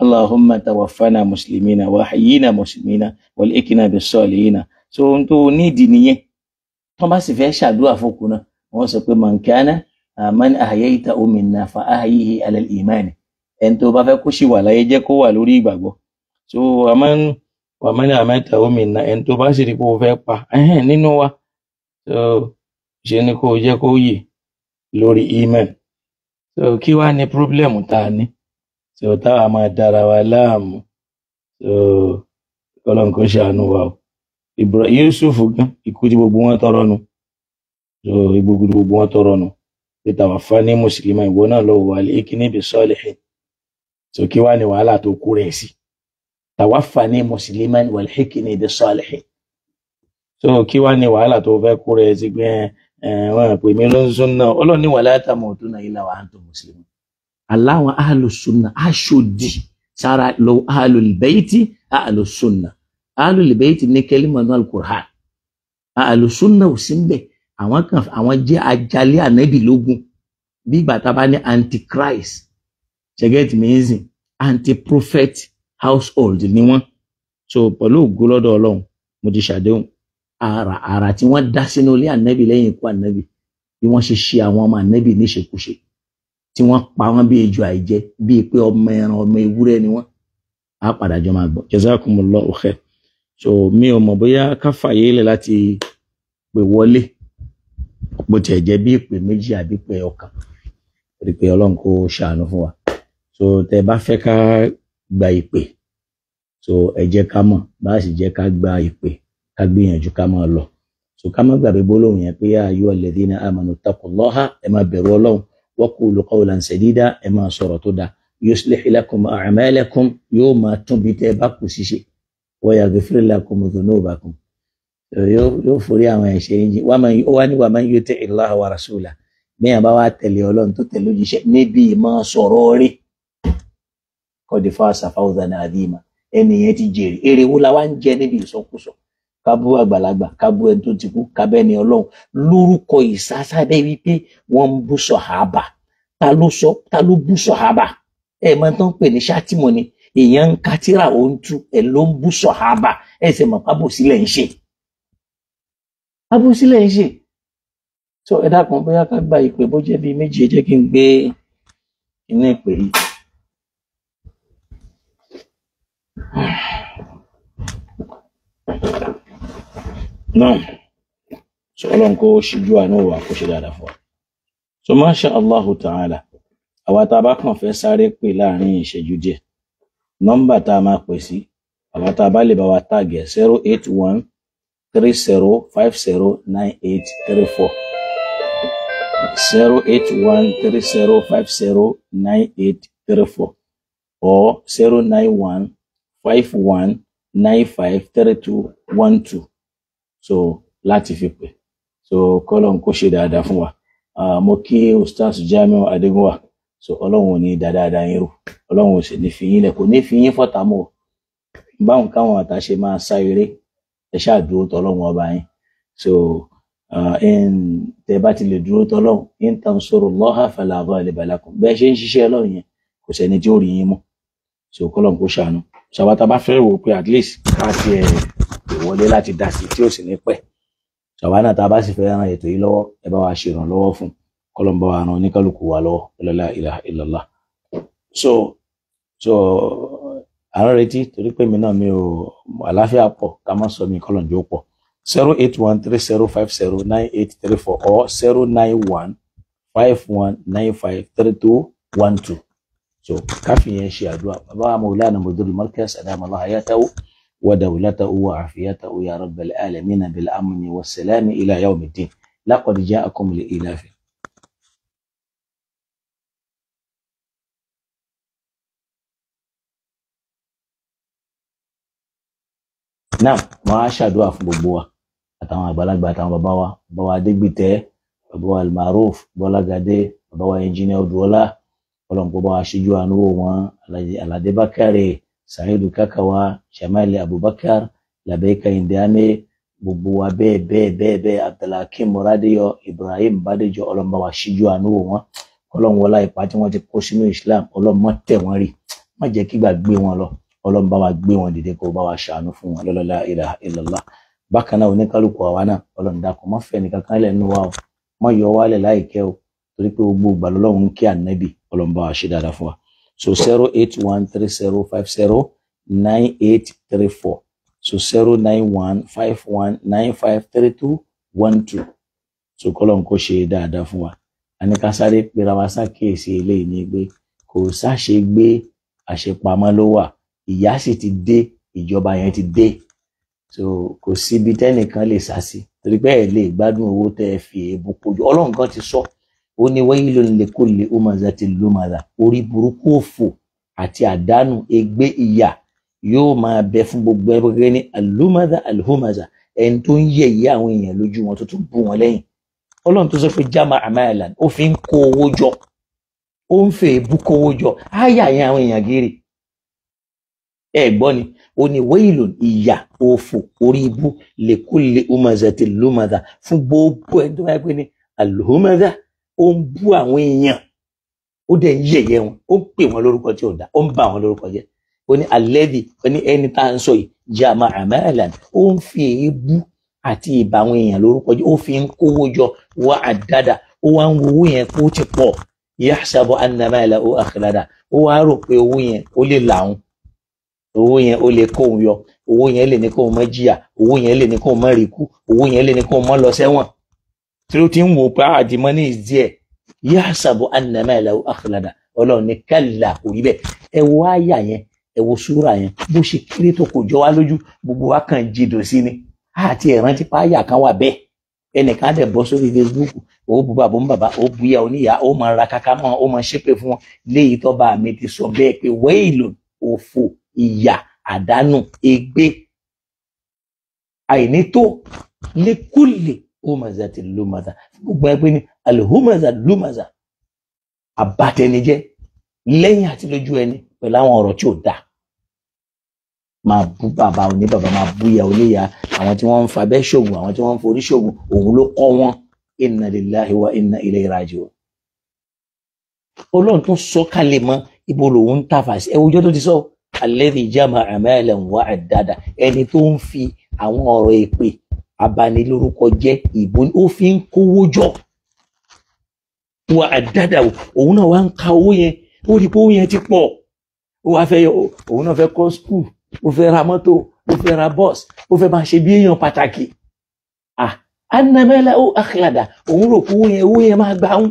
allahumma tawaffana muslimina wa hayyina muslimina wal ikina bis-salihina so ohun tó nídìí nìyẹn wọ́n bá sì fẹ́ ṣàdúrà fókù náà wọ́n sọ pé man kana ah, man ahyayta minna fa ahyihi ala al-imani ẹni tó bá fẹ́ kó ṣì wà láyé jẹ́ kó wà lórí ìgbàgbọ́ so aman man amata minna ẹni tó bá sì rí kó fẹ́ pa nínú wa so ṣe ni kó jẹ́ kó yè lórí iman so kí wàá ní pírọbìlẹmù tá a ní so táwa máa dára wa láàmú so Ọlọ́run kò ṣàánú wa o Ibrahim Yusuf gan ikú tí gbogbo wọn tọrọ nu so gbogbo gbogbo wọn tọrọ nu pé tàwa fa ní mùsùlùmí ìwọ náà lọ wà lé kíní bí salihin so kí wàá ní wàhálà tó kú rẹ sí tàwa fa ní mùsùlùmí wà lé kíní bí salihin so kí wàá ní wàhálà tó fẹ́ kú rẹ sí gbẹ́ẹ́. Eh, wọn àpè mí ló ń súnà ọlọ́run ní wàlá tamutunna illa wa antum muslimun aláwọn ahlu sunna aṣòdì sára lọ ahlu al-bayti ahlu sunna ahlu al-bayti ní kalimatu al-Qur'an ahlu sunna ò sí ń àwọn kan àwọn jẹ́ ajalẹ̀ ànábì lógún bí ìgbà bá ní antichrist ṣẹgẹ́tì mẹ́sìn antiprophet household ni wọ́n so pẹ̀lú ògo lọ́dọ̀ ọlọ́run mo ti ṣàdéhùn. Ara àrà tí wọ́n dá sínú ilé ànábì lẹ́yìn ikú ànábì bí wọ́n ṣe ṣe àwọn ọmọ ànábì níṣekúṣe tí wọ́n pa wọ́n bí ejò àìjẹ bíi pé ọmọ ẹran ọmọ ewúrẹ́ ni wọ́n á padà jọ máa gbọ́ jazakumullahu khair so mi ò mọ̀ bóyá ká fàyè lẹ̀ láti pè wọlé bó tiẹ̀ jẹ́ bí ìpè méjì àbí pé ọkàn rí pé ọlọ́run kó ṣàánú fún wa so tẹ́ bá fẹ́ ká gba ìpè so ẹ jẹ́ ká mọ̀ bá sì jẹ́ ká gba ìpè ká gbìyànjú ká máa lọ so ká má gbàgbé gbólóhùn yẹn pé yáa yọ alladhina amanu taqullaha ẹ máa bẹ̀rù ọlọ́run waqulu qawlan sadida ẹ máa sọ̀rọ̀ tó dáa yuslih lakum a'malakum yóò máa tún bí tẹ́ bá kù ṣíṣe wa yaghfir lakum dhunubakum yóò forí àwọn ẹ̀ṣẹ̀ yín jì wá ní wa man yuti Allaha wa rasulahu ní àbá wa tẹ̀lé ọlọ́run tó tẹ̀lé òjíṣẹ́ níbi ìmọ̀ sọ̀rọ̀ rí kọ́dífà sàfáwùdà náà ti jèrè èrè wo la wá ń jẹ níbi ìsọkúsọ ká bú àgbàlagbà ká bú ẹni tó ti kú ká bẹ́ni ọlọ́run lórúkọ ìsásábẹ́ wípé wọ́n ń bú sọ̀hábà ta ló sọ ta ló bú sọ̀hábà ẹ máa tán pè ní sátìmọ̀ ni èèyàn ń ka òun tú ẹ ló ń bú sọ̀hábà ẹ sì mọ̀ pábòsílẹ̀ ń ṣe pábòsílẹ̀ ń ṣe so ẹ dákun bóyá ká gba ìpè bó jẹ́ bíi méjì ẹ kí n gbé inú ìpè yìí. Thank you náà so ọlọ́run kó ṣíjú àánú wa kó ṣe dáadáa fún wa so masha allahu ta'ala àwa tá a bá kàn fẹ́ sáré pè láàrin ìṣẹ́jú díẹ̀ nọ́mbà tá a máa pè sí àwa tá a bá lè bá wa tàgẹ̀ zero eight one three zero five zero nine eight three four zero eight one three zero five zero nine or zero nine one five so láti fi pè so kọ́lọ́n kó ṣe dáadáa fún wa mo kí ustaz Jamiu Adégúnwà so ọlọ́run ò ní dáadáa yín rò ọlọ́run ò sì ní fi yín lẹ̀ kò ní fi yín fọ́tà o báwọn káwọn àtàṣe máa sá eré ẹ ṣáà dúró tọlọ́run ọba yín so tẹ bá ti lè dúró tọlọ́run in tansurullaha fala ghaliba lakum bẹ́ẹ̀ ṣe ń ṣiṣẹ́ ọlọ́run yẹn kò sẹ́ni tí ó rí yín mú so kọ́lọ́n kó ṣàánú ṣàwátà bá fẹ́ wò pé at least ká tiẹ̀ ìwọlé láti dá sí tí ò sì ní pẹ́ ṣàwọn náà tá a bá sì fẹ́ ran ètò yìí lọ́wọ́ ẹ bá wa ṣe ìrànlọ́wọ́ fún kọlọmbọ àrùn oníkálukú wa lọ́wọ́ la ilaha so so à ń retí torí pé mi náà mi ò àlàáfíà pọ̀ ká má sọ mi kọlọǹjọ pọ̀ zero eight one three zero five zero nine eight three four or zero nine one five one nine five three two one two so káfíń yẹn ṣe àdúrà bàbá àmọ́ ìlànà mọ̀dúrú markaz àdàmọ́lá ayátáwó. ودولته وعافيته يا رب العالمين بالأمن والسلام إلى يوم الدين لقد جاءكم لإلاف náà wọn á ṣàdúrà fún gbogbo wa àtàwọn àgbàlagbà àtàwọn bàbá wa bàbá wa adégbìtẹ bàbá wa almaruf bọlágadé bàbá wa ẹnjìnìà odùọlá ọlọmọkọ bá wa ṣíjú àánú wọn aládé bákàrẹ Sa'idu Kakawa Shamali Abubakar Labeika Indiame gbogbo wa bẹ́ẹ̀ bẹ́ẹ̀ bẹ́ẹ̀ bẹ́ẹ̀ Abdulhakeem Moradeyo Ibrahim Badejo ọlọ́mọba wa ṣíjú àánú wò wọ́n ọlọ́run wọlá ipa tí wọ́n ti kó sínú Islam ọlọ́mọ tẹ̀ wọ́n rí má jẹ́ kí gbàgbé wọn lọ ọlọ́run bá wa gbé wọn dìde kó bá wa ṣàánú fún wọn lọ́lọ́lá ilaha bákan náà oníkálukú àwa náà ọlọ́run dákun má fẹ́ nìkankan lẹ̀ nínú wa o má yọ wálẹ̀ láìkẹ́ o torí pé gbogbo ìgbà lọ́lọ́run ń kí ànábì ọlọ́run bá wa ṣe dáadáa fún wa So 08130509834. So 09151953212. So kọ́lọ́n kó ṣe dáadáa fún wa. A ní ká sáré pera wa ṣàkíyèsí eléyìí ní pé kò sáṣe gbé àṣepamọ́ ló wà. Ìyá sì ti dé, ìjọba yẹn ti dé. So kò síbi tẹ́nìkan lè sá sí. Torí bẹ́ẹ̀ lè gbádùn owó tẹ́ ẹ fi èébú kojú. Ọlọ́run kan ti sọ. So ó ní wailun likulli umazatin lumaza orí burúkú òfò àti àdánù ègbé ìyà yóò máa bẹ fún gbogbo ẹgbẹ́ gẹ́gẹ́ ní alumaza alhumaza ẹni tó ń yẹ̀yẹ́ àwọn èèyàn lójú wọn tó tún bú wọn lẹ́yìn ọlọ́run tó sọ pé jama amalan ó fi ń kó owó jọ ó ń fè bú kó owó jọ áyà yẹn àwọn èèyàn gírì ẹ gbọ́ ni ó ní wailun ìyà òfò orí ibú likulli umazatin lumaza fún gbogbo ẹni tó ní alhumaza ó ń bú àwọn èèyàn ó dẹ̀ ń yẹ̀yẹ́ wọn ó ń pè wọn lórúkọ tí ò dá ó ń bà wọn lórúkọ jẹ́ ó ní alẹ́bí ó ní ẹni tá à ń sọ yìí jama amalan ó ń fi èébú àti ìbà àwọn èèyàn lórúkọ jẹ́ ó fi ń kówó jọ wá àdáda ó wá ń wo owó yẹn kó ti pọ̀ yahsabu anamala ó akhlada ó wá rò pé owó yẹn ó lè làwọn owó yẹn ó lè kóun yọ owó yẹn lè ní kóun má jìyà owó yẹn lè ní kóun má rí kú owó yẹn lè ní kóun má lọ sẹ́wọ̀n tí ó ti ń wò pé àdìmọ́ ní ìdíẹ̀ yá sàbò ànàmọ́ ẹ̀ lọ́wọ́ àkàlàdà ọlọ́run ní kálà kò rí bẹ́ẹ̀ ẹ wo àyà yẹn ẹ wo súra yẹn bó ṣe kéré tó kò jọ wá lójú gbogbo wa kàn jìdò sí ni àti ìrántí páyà kan wà bẹ́ẹ̀ ẹnìkan dẹ̀ bọ́ sórí Facebook ó bu bàbá ń bàbá ó bu ìyá oníyà ó máa ra kaka mọ́ ó máa ṣépè fún wọn léyìí tó bá mi ti sọ bẹ́ẹ̀ pé wẹ́ẹ̀lò òfò ìyà àdánù ègbé àìnító lékúlè humaza ti lumaza gbogbo ẹgbẹ́ ni alhumaza lumaza àbàtẹnijẹ́ lẹ́yìn àti lójú ẹni pẹ̀lú àwọn ọ̀rọ̀ tí ò dáa máa bú bàbá oní bàbá máa bú ìyá oníyà àwọn tí wọ́n ń fa bẹ́ẹ̀ ṣògùn àwọn tí wọ́n ń forí ṣògùn òun ló kọ́ wọn inna lillahi wa inna ilayhi raji'un ọlọ́run tún sọ kalẹ̀ mọ́ ibo lòun ń tàfà sí ẹwùjọ́ tó ti sọ alladhi jama'a malan wa addada ẹni tó ń fi àwọn ọ̀rọ̀ èpè abanilórúkọ jẹ́ ìbò ó fi ń kówó jọ wà á dáadáa òun náà wá ń ka owó yẹn ó rí pé owó yẹn ti pọ̀ ó wá fẹ́ òun náà fẹ́ kọ́ skul ó fẹ́ ra mọ́tò ó fẹ́ ra bọ́ọ̀sì ó fẹ́ máa ṣe bí èèyàn pàtàkì à ah, anamẹ́lá ó àkìlàdà òun rò pé owó yẹn owó yẹn máa gbà ń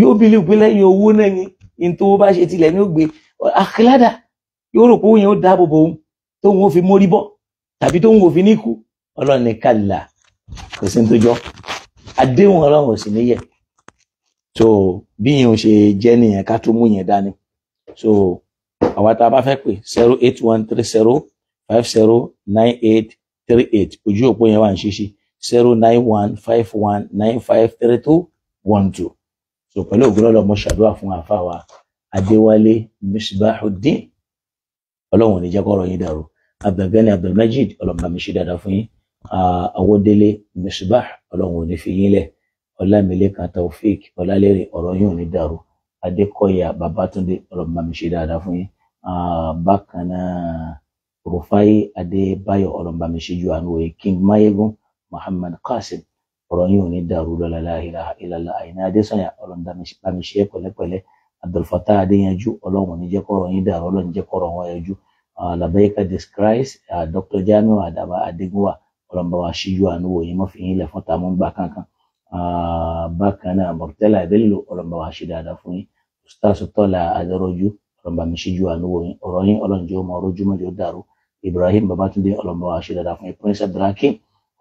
yóò bí lè lẹ́yìn owó náà ni ní tó bá ṣe tilẹ̀ ní ògbé àkìlàdà yóò rò pé owó yẹn ó dáàbò bò òun tóun ó fi mórí bọ́ tàbí tóun ò fi ní kú ọlọ́run ní kàlà kò sí tó jọ àdéhùn ọlọ́run ò sì níyẹ so bí yìí ń ṣe jẹ́ nìyẹn ká tó mú yẹn dání so àwa tá a bá fẹ́ pè zero eight one three zero five zero nine eight three eight ojú òpó yẹn wà ń ṣíṣí zero nine one five one nine five three two one two so pẹ̀lú ògbólọ́lọ́ mo ṣàdúrà fún àáfàá wa adéwálé misbahuddin ọlọ́run ò ní jẹ́ kọ́rọ̀ yín dàrú abdulgani abdulmajid ọlọ́mọba mi ṣe dáadáa fún yín Awódélé Misbah ọlọ́run ò ní fi yín lẹ̀ Ọlámilékan Taofik Ọlálérè ọ̀rọ̀ yóò ní dàrú Adékọ̀yà Babátúndé ọlọ́run bá mi ṣe dáadáa fún yín bákan náà Rufai Adébáyọ̀ ọlọ́run bá mi ṣe ju àánú òye King Mayegun Muhammad Qasim ọ̀rọ̀ yóò ní dàrú lọ́la la ilaha illallah Àyìnlá Adésànyà ọlọ́run bá mi ṣe pẹ̀lẹ́pẹ̀lẹ́ Abdulfata Adéyanjú ọlọ́run ò ní jẹ́ kọ́rọ̀ yín dàrú ọlọ́run jẹ́ kọ́rọ̀ wọn yanjú Labaika Disgrace Dr. Jamiu Adaba Adegunwa ọlọ́mọba wa ṣíjú àánú wò yín mọ́ fi yín lẹ̀ fún tààmú gbà kankan bákan náà mọ̀tẹ́lá ìbẹ́lò ọlọ́mọba wa ṣe dáadáa fún yín ustaz tọ́lá adẹ́rọ́jú ọlọ́mọba mi ṣíjú àánú wò yín ọ̀rọ̀ yín ọlọ́njẹ́ ọmọ ọrọ́jú mọ́jọ dàrú ibrahim babatunde ọlọ́mọba wa ṣe dáadáa fún yín prince abdulhakeem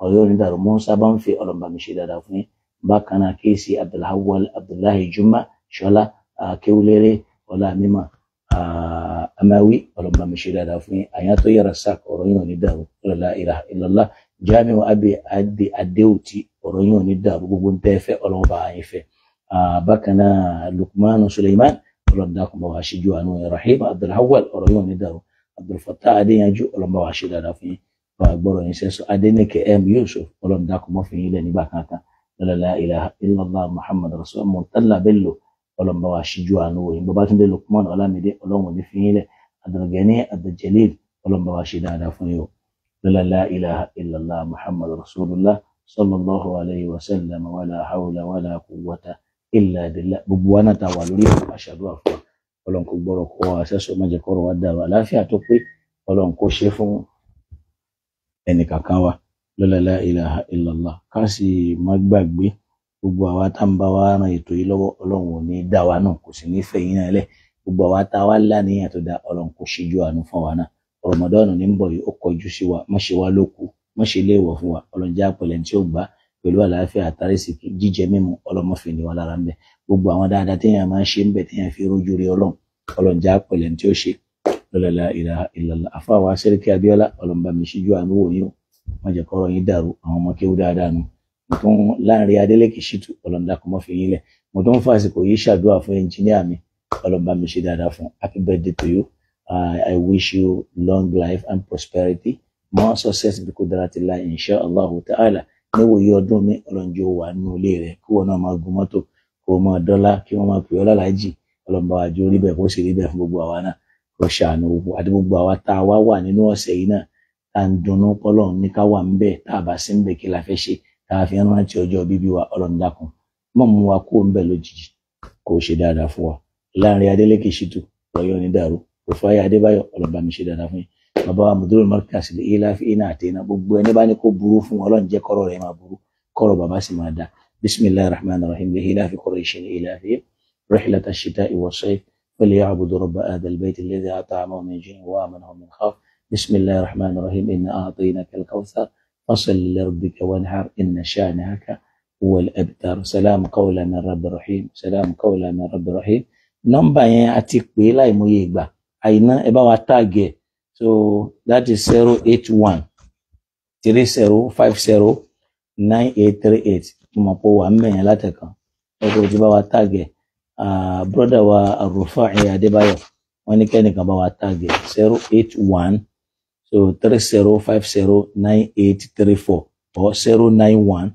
ọ̀yọ́ onídàrú musa bamfe ọlọ́mọba mi ṣe dáadáa fún yín bákan náà jamiu abi adi adéòtí ọ̀rọ̀ yìí ò ní dàrú gbogbo ń tẹ́ fẹ́ ọlọ́run bá yín fẹ́ bákan náà lukman suleiman ọlọ́dàkùn bá wà ṣíjú àánú rahim abdulhawal ọ̀rọ̀ yìí ò ní dàrú abdulfatah adéyanjú ọlọ́run bá wà ṣe dáadáa fún yín bá gbọ́rọ̀ yín sẹ́sọ adéníkẹ́ m yusuf ọlọ́dàkùn bá fún yín lẹ́ nígbà kankan lọ́lọ́lá ilaha illallah muhammad rasul murtala bello ọlọ́run bá wà ṣíjú àánú wòyìn bàbá tún dé lukman ọlámídé ọlọ́run ò yín lẹ́ abdulgani abduljalil ọlọ́run bá ṣe dáadáa fún yín o lọ́la la ilaha illallah muhammadu rasulullah sallallahu alayhi wa sallam wàlà hawla wàlà quwwata illa billah gbogbo wa náà ta wà lórí àṣàdúrà fún wa ọlọ́run kò gbọ́rọ̀ kọ́ àṣẹ́sọ mẹ́jẹ kọ́rọ̀ wa dàrú àlàáfíà tó pé ọlọ́run kò ṣe fún ẹnì kankan wa lọ́la la ilaha illallah ká sì má gbàgbé gbogbo àwa tá ń bá wa ran ètò yìí lọ́wọ́ ọlọ́run ò ní dá wa náà kò sì ní fẹ̀yìn náà lẹ̀ gbogbo àwa tá wa lá níyàn tó dá ọlọ́run kò ṣíjú àánú fún wa náà rọmọdọ́nù ní ń bọ̀ yìí ó kọjú sí wa má ṣe wá lóku má ṣe léèwọ̀ fún wa ọlọ́njẹ́ àpẹlẹ̀ tí ó gbà pẹ̀lú àlàáfíà àtàrísìkì jíjẹ mímu ọlọ́mọfìn ni wà lára ń bẹ̀ gbogbo àwọn dáadáa téèyàn máa ń ṣe ń bẹ̀ téèyàn fi rójú rí ọlọ́run ọlọ́njẹ́ àpẹlẹ̀ tí ó ṣe lọ́lọ́lá ilaha illallah àfáwà sẹ́ríkì abíọ́lá ọlọ́mọba mi ṣíjú àmúwò yìí ó to you I wish you long life and prosperity more success bí kúdàrátìlá insha Allah ta'ala níwòye ọdún mi ọlọ́njọ́ wà nínú ilé rẹ̀ kí wọn náà máa gun mọ́tò kó o máa dọ́là kí wọ́n máa pè ọ́ lálàájì ọlọ́mọba àjò rí bẹ́ẹ̀ kó sì rí bẹ́ẹ̀ fún gbogbo àwa náà kó ṣàánú gbogbo àti gbogbo àwa tá a wá wà nínú ọ̀sẹ̀ yìí náà tá a ń dunnú pọ́lọ́ ní ká wà ń bẹ̀ tá a bá sí ń bẹ̀ kí la fẹ́ ṣe tá a fi ń rántí ọjọ́ bíbí wa ọlọ́ndàkùn mọ̀ mú wa kó ń bẹ̀ lójijì kó ṣe dáadáa fún wa láàrin Adeleke Shitu ọ̀yọ́ ní dàrú وفاي هدي باي ولبا مشي ده نافي ما بقى المركز اللي إله في إنا تينا بوبو إني باني كو بروف مولان جي كرو ريما برو كرو بابا سيما دا بسم الله الرحمن الرحيم به إله في قريش إله في رحلة الشتاء والصيف فليعبدوا رب هذا البيت الذي أطعمه من جن وآمنه من خوف بسم الله الرحمن الرحيم إن أعطيناك الكوثر فصل لربك وانحر إن شانك هو الأبتر سلام قولا من رب الرحيم سلام قولا من رب الرحيم نمبا اتيك يعتق بلاي مويبا àyìnà ẹ bá wa táàgì ẹ so that is zero eight one three zero five zero nine eight three eight mo mọ̀ pé wà ń bẹ̀yẹn látẹ̀kan ẹ̀kọ́ ojú bá wa táàgì ẹ broda wa Rufai Adébáyọ̀ wọn ní kẹ́nìkan bá wa táàgì ẹ zero eight one so three zero five zero nine eight three four or zero nine one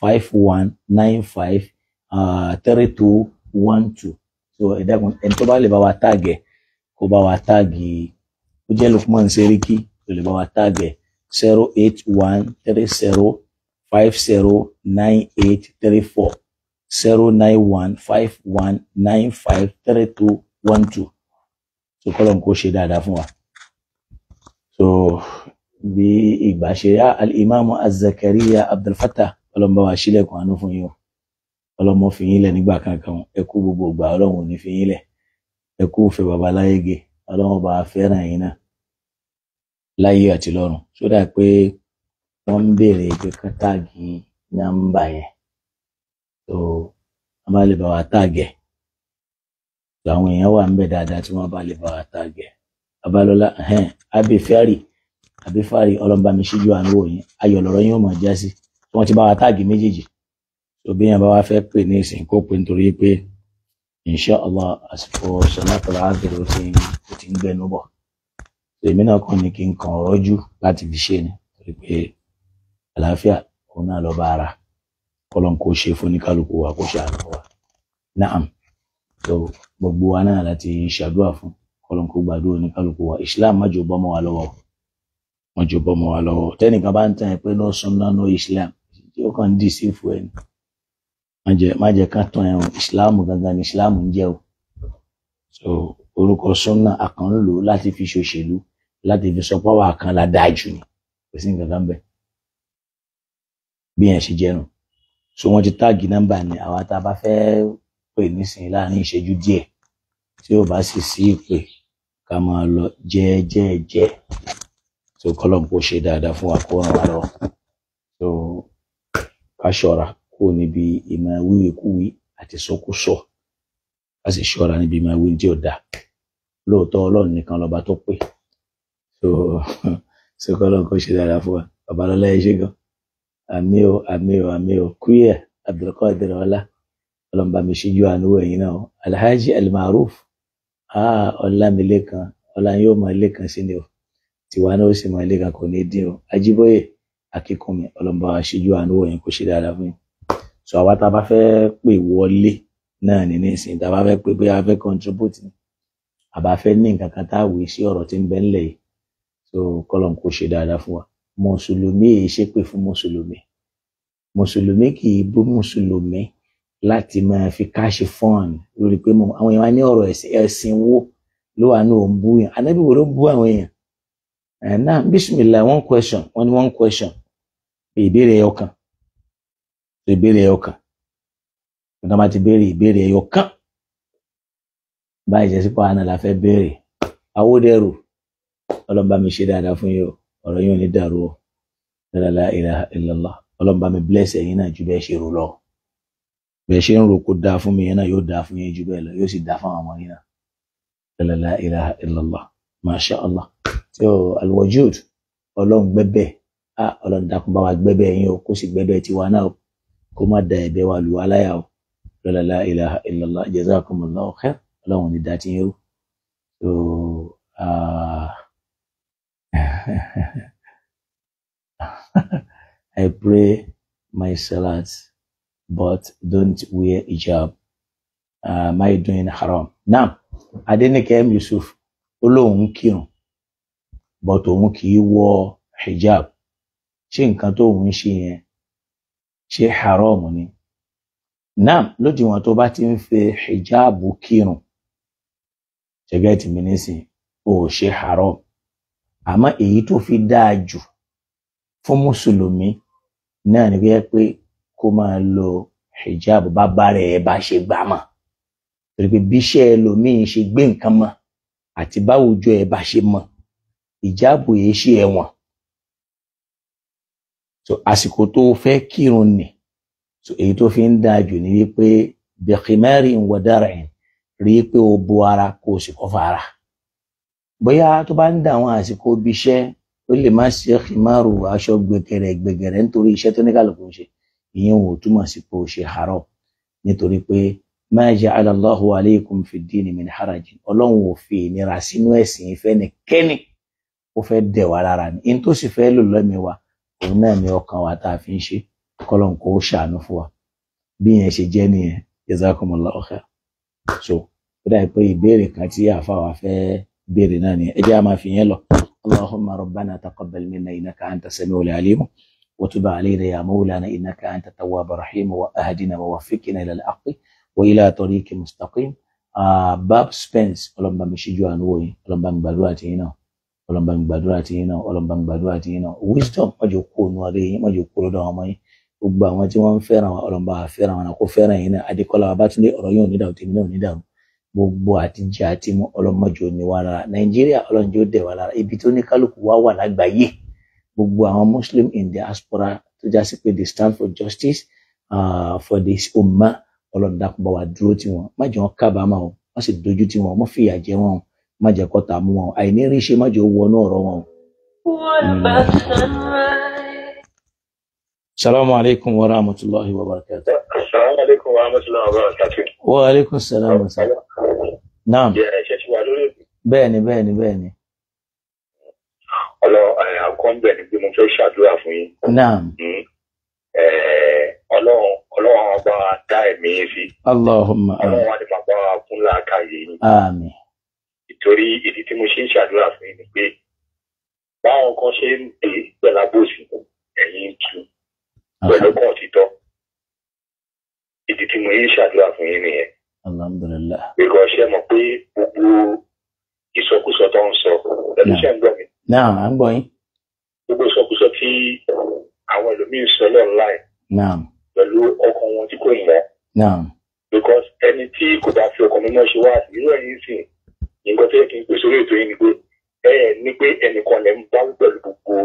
five one nine five uh, three two one two so ẹ dákun ẹni tó bá lè bá wa táàgì ẹ kó bá wa táàgì ó jẹ́ Lukman Seriki kó lè bá wa táàgì zero eight one three zero five zero nine eight three four zero nine one five one nine five three two one two so kọ́lọ̀ kó ṣe dáadáa fún wa so bí ìgbà ṣe yá al-Imam az-Zakariya Abdulfatah ọlọ́mọba wa ṣílẹ̀kùn àánú fún yín o ọlọ́mọ fi yín lẹ̀ nígbà kankan ẹ kú gbogbo ìgbà ọlọ́run ò ní fi yín lẹ̀. ẹ kú òfẹ́ bàbá láyé ge ọlọ́run bá fẹ́ràn yín náà láyé àti lọ́run sódà pé wọ́n ń béèrè pé ká táàgì nọ́mbà yẹn tó wọ́n bá lè bá wa táàgì ẹ̀ àwọn èèyàn wà ń dáadáa tí wọ́n bá lè bá wa táàgì ẹ̀ abifari abifari ọlọ́mbàmí ṣíjú ayọ̀ yín ó mọ̀ já sí wọ́n ti bá wa táàgì méjèèjì tó bí yẹn bá wa fẹ́ pè ní inshallah àsìkò sọlátọ láàbẹrẹ ó ti ó ti ń gbẹnu bọ èmi náà kàn ní kí n kàn rọjú láti fi ṣe ni torí pé àlàáfíà òun náà lọ bá ara kọlọn kó ṣe fóníkálukú wa kó ṣe àlọ wa naam so gbogbo wa náà láti ṣàdúrà fún kọlọn kó gbàdúrà oníkálukú wa islam má jò bọmọ wa lọ́wọ́ má jò bọmọ wa lọ́wọ́ tẹnìkan bá ń tàn ẹ pé lọ sọ náà lọ islam tí ó kàn ń dì sí fún ẹni má jẹ́ ká tán ẹ̀rùn ìsìláàmù gangan ni ìsìláàmù ń jẹ́ o so orúkọ sunna àkàn ń lò láti fi ṣòṣèlú láti fi sọ pọ́wọ́ àkàn la ni kò sí nǹkan kan bẹ́ẹ̀ bí yẹn ṣe jẹ́nu so wọ́n ti táàgì nọ́mbà ni àwa tá a bá fẹ́ pè nísìnyí láàrin ìṣẹ́jú díẹ̀ tí ò bá sì sí ìpè ká máa lọ jẹ́ẹ́jẹ́ẹ́jẹ́ so kọ́lọ́n kò ṣe dáadáa fún wa kó ràn wá lọ so ká ṣọ́ra kó níbi ìmọ̀ wíwèkúwí àti sọkúsọ a sì ṣọ́ra níbi ìmọ̀ wí tí ò da lóòótọ́ ọlọ́run nìkan lọ́ba tó pé so so kọ́lọ́n kó ṣe dáadáa fún wa bàbá lọ́lá ẹ ṣe gan àmì o àmì o àmì o kúyẹ Abdulkadir ọlá ọlọ́run bá mi ṣíjú àánú ẹ̀yìn náà Alhaji Almaruf ọlámilékan ọlá yóò mọ ilé kan sí ni o tiwa náà ó sì mọ ilé kan kò ní dín o Ajíbóyè akíkúnmi ọlọ́run bá wa ṣíjú àánú ẹ̀yìn kó ṣe dáadáa fún yín so àwa tá a bá fẹ́ pè wọlé náà ní nísìnyí tá a bá fẹ́ pè bóyá a fẹ́ contribute ni àbá fẹ́ ní nǹkan kan tá a sí ọ̀rọ̀ tí ń bẹ ńlẹ̀ yìí so kọ́lọ̀ kò ṣe dáadáa fún wa mùsùlùmí èyí e ṣe pè fún mùsùlùmí mùsùlùmí kì í bú mùsùlùmí láti máa fi káṣí fọ́ọ̀n lórí pé àwọn èèyàn ní ọ̀rọ̀ ẹ̀sìn wo ló wà ní òun bú yàn ànábì wo ló bú àwọn èèyàn náà bísímìlà one question one one question ìbéèrè ọkàn ìbéèrè ẹyọ kan nígbà máa ti béèrè ìbéèrè ẹyọ kan báyìí jẹ́ sípò àná la fẹ́ béèrè Awódẹrù ọlọ́run bá mi ṣe dáadáa fún yín o ọ̀rọ̀ yín ò ní dàrú o la ilaha illallah ọlọ́run bá mi bless ẹ̀yin náà ju bẹ́ẹ̀ ṣe rò lọ bẹ́ẹ̀ ṣe ń rò kó dáa fún mi yẹn náà yóò dáa fún yín ju bẹ́ẹ̀ lọ yóò sì dáa fún àwọn ọmọ náà la ilaha masha allah tí o alwajud ọlọ́run ah ọlọ́run gbẹ́bẹ́ yín o kó sì gbẹ́bẹ́ tiwa náà o kó má da ẹ̀bẹ̀ wa lù wá o lọ́la ilaha illallah jazakumullahu khair ọlọ́run ní dàtí yẹn so I pray my salat but don't wear hijab Am I doing haram now Adenike M. Yusuf ó lóun kírun but òun kì í wọ hijab ṣé nǹkan tó òun ṣe yẹn ṣé haram ni náà lódiwọ̀n tó bá ti ń fi hijabu kírun ṣẹgẹ́ ti mi nísìn o ò ṣe haram àmọ́ èyí tó fi dáa jù fún mùsùlùmí náà ni wíyẹ pé kó máa lo hijab bàbá rẹ̀ bá ṣe gbà mọ́ torí pé bíṣẹ́ ẹlòmíín ṣe gbé nǹkan mọ́ àti báwùjọ ẹ̀ bá ṣe mọ́ ìjáàbù yìí ṣe ẹ̀wọ̀n so àsìkò tó fẹ́ kírun ni so èyí tó fi ń dáa jù ni wípé bẹ̀kìmẹ́rì ń wọ̀dára ẹ̀ rí i pé o bo ara kó o sì kọ́fà ara bóyá tó bá ń dà àwọn àsìkò ibi iṣẹ́ ó lè má ṣe kìmáàrù aṣọ gbẹgẹrẹ gbẹgẹrẹ nítorí iṣẹ́ tó ní kálukú ń ṣe ìyẹn ò túmọ̀ sí pé o ṣe àárọ̀ nítorí pé ma ja'ala Allahu alaykum fi ddini min harajin ọlọ́run ò fi ìnira sínú ẹ̀sìn ìfẹ́ nìkẹ́ni ó fẹ́ dẹ̀ wá lára ni in tó sì fẹ́ lò lọ́mìí wa òun náà ni ọkàn wa tá a fi ń ṣe kọ́lọ́n kó ṣàánú fún wa bí yẹn ṣe jẹ́ nìyẹn jazakumullahu khair so ó dàbí pé ìbéèrè kan tí àáfàá wa fẹ́ béèrè náà nìyẹn ẹ jẹ́ a máa fi yẹn lọ allahumma rabbana taqabbal minna innaka anta samiul alim wa tub alayna ya mawlana innaka anta tawwabur rahim wa ahdina wa waffiqna ila al-haqq wa ila tariqi mustaqim uh, Bob Spence ọlọ́mbàmíṣíjú àánú wòye ọlọ́mbàmígbàlúwà tìyín náà ọlọ́mọba ń gbàdúrà tí yín náà ọlọ́mọba ń gbàdúrà tí yín náà wisdom má jò kó nu adé yín má jò kó lọ́dọ̀ àwọn ọmọ yín gbogbo àwọn tí wọ́n ń fẹ́ràn wọn ọlọ́mọba fẹ́ràn wọn kó fẹ́ràn yín náà adékọ́lá abátúndé ọ̀rọ̀ yóò nídàrú tèmi náà nídàrú gbogbo àtijọ́ àti mú ọlọ́mọjọ ní wa lára nàìjíríà ọlọ́njọ́ dẹ̀ wa lára ibi tó ní kálukú wá wà lágbàáyé gbogbo àwọn muslim in diaspora tó já sí pé they stand for justice uh, for this ummah ọlọ́dàkùnbọ̀ wà dúró tiwọn má jẹ́ wọn kábàámà o má sì dojú má jẹ́ kọ́ta mú wọn àìní rí ṣe má jẹ́ owó ọ̀nà ọ̀rọ̀ wọn. Hmm. salamu alaykum wa rahmatulahi wa barakatu. salamu alaykum wa rahmatulahi wa barakatu. wa alaykum salaam wa salaam. naam. ṣe ti wà lórí. bẹ́ẹ̀ni bẹ́ẹ̀ni bẹ́ẹ̀ni. ni bí mo fẹ́ ṣàdúrà fún yín. naam. Hmm. Ọlọ́run Ọlọ́run ọba dá ẹ̀mí yín sí. Allahumma. Ọlọ́run wa ni bàbá wa kúnlá káyé yín. àmín torí ìdí tí mo ṣe ń ṣàdúrà fún yín ni pé báwọn kan ṣe ń dé pẹ̀lú abóòsì ẹ̀yìn tu pẹ̀lú kan títọ́ ìdí tí mo yín ṣàdúrà fún yín nìyẹn. alhamdulilah. bíkọ ṣe mọ̀ pé gbogbo ìsọkúsọ tó ń sọ ẹni ṣe ń gbọ́ mi. náà à ń gbọ́ yín. gbogbo ìsọkúsọ tí àwọn ẹlòmíín sọ lọ́nláìn. náà. pẹ̀lú ọkàn wọn tí kò mọ̀. náà. because ẹni tí kò bá fi ọkàn mímọ́ ṣe wá àti irú ẹ̀yìn sìn nígbà tó yẹ kí n pè sórí ètò yìí ni pé ẹ ẹ ní pé ẹnìkan lẹ ń bá pẹ̀lú gbogbo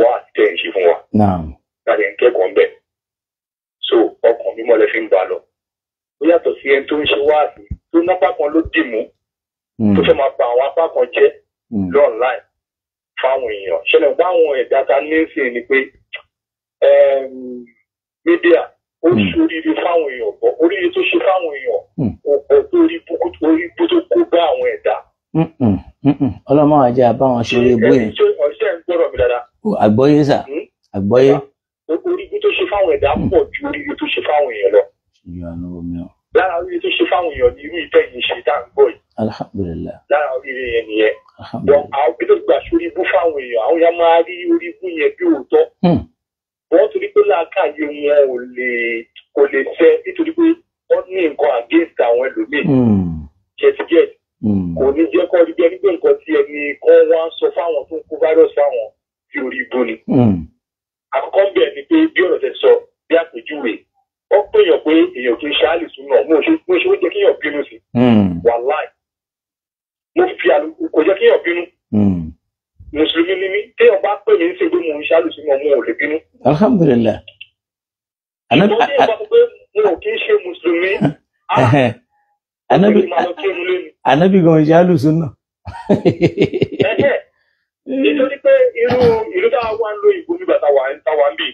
wa tẹ̀ ń ṣe fún wa. láti ń kẹ́kọ̀ọ́ ń bẹ̀. so ọkàn mímọ́ lẹ fi ń bá a lọ. ó yàtọ̀ sí ẹni tó ń ṣe wáàsí tó nápá kan ló dì mú tó hmm. fẹ́ máa pa àwọn apá kan jẹ́ hmm. lọ́ọ̀láì fáwọn èèyàn ṣẹlẹ̀ báwọn ẹ̀dá ta ní í ni pé mídíà. Um, ó hmm. ṣe oríire fáwọn èèyàn bọ oríire tó ṣe fáwọn èèyàn kò hmm. bọ tó orí bú tó kó bá àwọn ẹ̀dá. Hmm, ọlọ́mọ àjẹ́ àbáwọn ṣe orí ibú yẹn. ọ̀sẹ̀ ń gbọ́dọ̀ mi dáadáa. àgbọ́yé sà àgbọ́yé. orí bú tó ṣe fáwọn ẹ̀dá pọ̀ ju oríire tó ṣe fáwọn èèyàn lọ. lára oríire tó ṣe fáwọn èèyàn ni irú ìfẹ́ yìí ṣe dá ń gbọ́ yìí. alhamdulilah. lára oríire yẹn nìyẹn. alhamdulilah. àwọn gbẹdọgbà sórí ibú fáwọn èèyàn àwọn yà máa rí orí ibú yẹn bí òótọ́ wọ́n torí pé làákàyè wọn ò lè kò lè fẹ́ nítorí pé wọ́n ní nǹkan against àwọn ẹlòmíì hmm. jẹ́tijẹ́ hmm. kò ní jẹ́ kọ́ rí jẹ́ nígbà nǹkan tí ẹni kan wá ń sọ fáwọn tó ń kó virus fáwọn tí orí igbó ni. Hmm. àkọ́kọ́ bẹ́ẹ̀ ni pé bí ọ̀rọ̀ tẹ sọ bí àpèjúwe ó pèèyàn pé èèyàn kì í ṣe àlìsù náà mo ṣe ó jẹ́ kéèyàn bínú sí wàláì mo fi àlùkò jẹ́ kéèyàn bínú mùsùlùmí ni mí tí ọba pè mí ṣe pé mò ń ṣáàlù sí mi ọmọ òòlù bínú. alhamdulilayi. ànábì àti ọba pé mo kì í ṣe mùsùlùmí. ànábì ànábì gan ṣáàlù sí náà. nítorí pé irú ìlú tá a wá ń lo ìbò nígbà tá a wà ń bì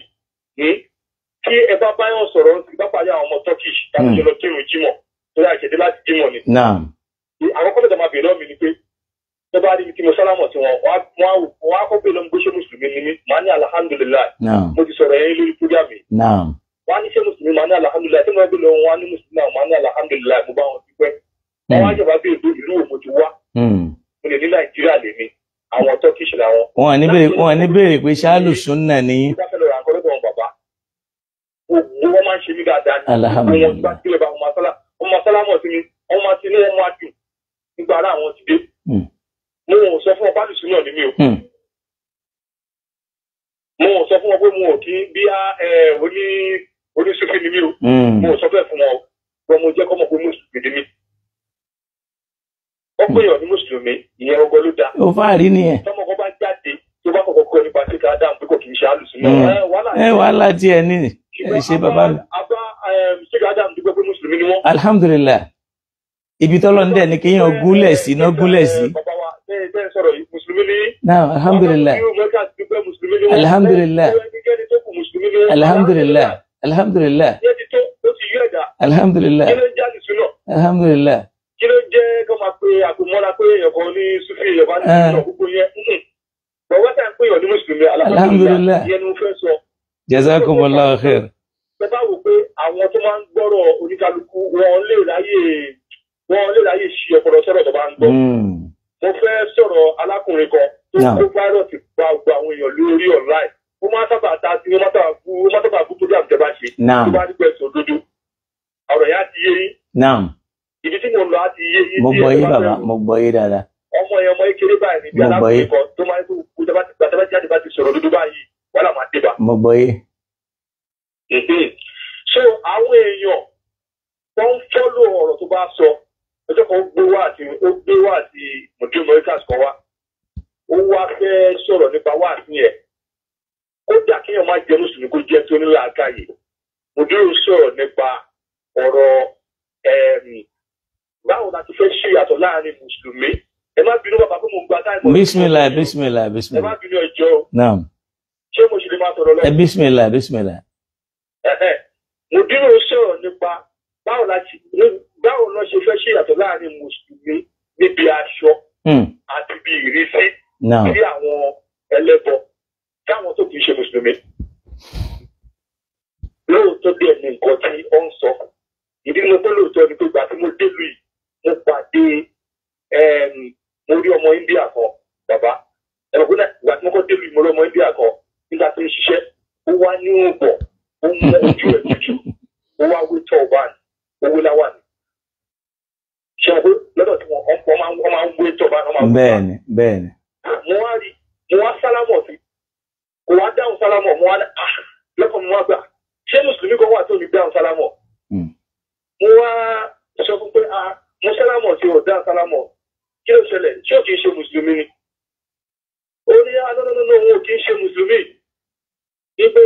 kí ẹ bá báyọ̀ sọ̀rọ̀ ń bá pàdé àwọn ọmọ turkish táwọn jọ hmm. kírun jímọ̀ tó yà ìṣẹ̀dé láti jímọ̀ ni. àwọn kọ́lẹ́jà máa bèèrè lọ́mìnì pé tó bá rí ibi tí mo sálámọ̀ sí wọn wọn á kọ́kọ́ lọ́mú gbéṣẹ́ mùsùlùmí ni mí màá ní alihamudulilayi mo ti sọ̀rọ̀ yẹn lórí púrógámì wọn á ní ṣé mùsùlùmí màá ní alihamudulilayi tí mo gbé lọ wọn á ní mùsùlùmí náà màá ní alihamudulilayi mo bá wọn dúpẹ́ wọn á jọba bí èdè ìlú òmò ti wá mo lè ní nàìjíríà lèmi àwọn turkish làwọn. wọn à ní béèrè pé ṣáàlù sunna ni. wọ́n máa ń ṣe mí dáadáa ni wọ́n gbá sílẹ̀ sí ní wọ́n máa nígbà mo ò sọ fún ọ bá lùsùn náà ní o hmm. mo ò sọ fún ọ mo ò kí bí a oní oníṣúfì ní mi o hmm. mo ò sọ bẹ́ẹ̀ fún ọ pé mo jẹ́ kọ́mọ pé mùsùlùmí ní mi ó pè hmm. yàn ní mùsùlùmí ìyẹn ọgbọ́n ló dáa. ó fàárí nìyẹn. tọ́mọ kan bá jáde tó bá kọ̀kọ́ kọ́ nípa títà ádámù pé kò kì í ṣe àlùsùn náà ẹ wàhálà tiẹ̀ ní ẹ bàbá mi. àbá alhamdulillah ibi tọ́lọ́ ń ni kéèyàn gúnlẹ̀ sí náà gúnlẹ̀ sí ìgbẹ́ sọ̀rọ̀ yìí mùsùlùmí ni. náà alhamdulillah alhamdulillah alhamdulillah alhamdulillah alhamdulillah alhamdulillah kí ló jẹ́ kó máa pe àpòmọ́ra pé èèyàn kan ní sufi èèyàn bá ní ìlọ ah. gbogbo yẹn bọ̀wọ́ tá à ń pè yàn ní mùsùlùmí alhamdulillah yẹn ni mo fẹ́ sọ. jazakumullahu khair. ẹ bá wò pé àwọn tó máa ń gbọ́rọ̀ oníkálukú wọn lè ráyè wọn lè ráyè ṣe ọpọlọ sọ̀rọ̀ tó bá ń gbọ́. Hmm mo fẹ́ sọ̀rọ̀ alákùnrin kan tó kó fáírọ̀sì gba gbogbo àwọn èèyàn lórí online ó máa sábà ta sí ó máa sábà bú ó máa sábà bú program tẹ́ bá ṣe tó bá nípa ẹ̀sùn òdodo ọ̀rọ̀ yẹn á ti yé yín ibi tí mo lọ á ti yé yín. mo gbọ́ yín bàbá mo gbọ́ yín dáadáa. ọmọ yẹn ọmọ ekele báyìí níbi alákùnrin kan tó máa ń tó kú tẹ́bá jáde bá ti sọ̀rọ̀ òdodo báyìí wàhálà máa dé bá. mo gbọ́ yín. so àwọn èèyàn wọ́n ń fọ́lọ̀ ọ̀rọ̀ tó bá sọ ọjọ́ kan ó gbé wá àti ó gbé wá àti mọ̀dúró mọ̀ríkàs kan wá ó wá fẹ́ sọ̀rọ̀ nípa wá àti yẹn kódà kéèyàn má jẹ mùsùlùmí kó jẹ tó nílà àkàyè mọ̀dúró sọ̀rọ̀ nípa ọ̀rọ̀ báwo la ti fẹ́ ṣe ìyàtọ̀ láàrin mùsùlùmí ẹ má bínú bàbá fún mo gba táìmù. bísímìlà bísímìlà bísímìlà. ẹ má bínú ẹjọ́. naam. ṣé mo ṣì lè máa sọ̀rọ̀ lọ. ẹ bísímìlà bísímìlà. mọ̀dúró sọ̀rọ̀ nípa báwo la ti báwo lọ ṣe fẹ́ ṣe yàtọ̀ láàrin mùsùlùmí níbi aṣọ hmm. àti bí ìrísí sí àwọn ẹlẹ́bọ táwọn tó kì í ṣe mùsùlùmí. lóòótọ́ bí ẹni nǹkan tí ó ń sọ ìdí mo pé lóòótọ́ ni pé gbà tí mo délùú yìí mo pàdé mo rí ọmọ India kan bàbá ẹ̀rọ pé gbà tí mo kọ́ délùú yìí mo rí ọmọ India kan nígbà tó ń ṣiṣẹ́ ó wá ní òògùn ó mú ojú ẹ̀ tutù ó wá wé tọ́ ọ̀bá ni owó láwà ni ṣe pé lọ́dọ̀ tí wọ́n máa wọ́n máa ń gbé ìjọba náà máa wọ́n. bẹ́ẹ̀ni bẹ́ẹ̀ni. mo wá rí mo wá sálámọ̀ sí kò wá dáhùn sálámọ̀ mo wá ah, lọ́kàn mo wá gbà ṣé mùsùlùmí kan wà tó ní dáhùn sálámọ̀. Hmm. mo wá sọ fún pé ah, mo sálámọ̀ sí ò dáhùn sálámọ̀ kí ló ṣẹlẹ̀ ṣé ò kì í ṣe mùsùlùmí ni. ó ní alọ́nàdọ́nà ah, òun ò kì í ṣe mùsùlùmí ní pé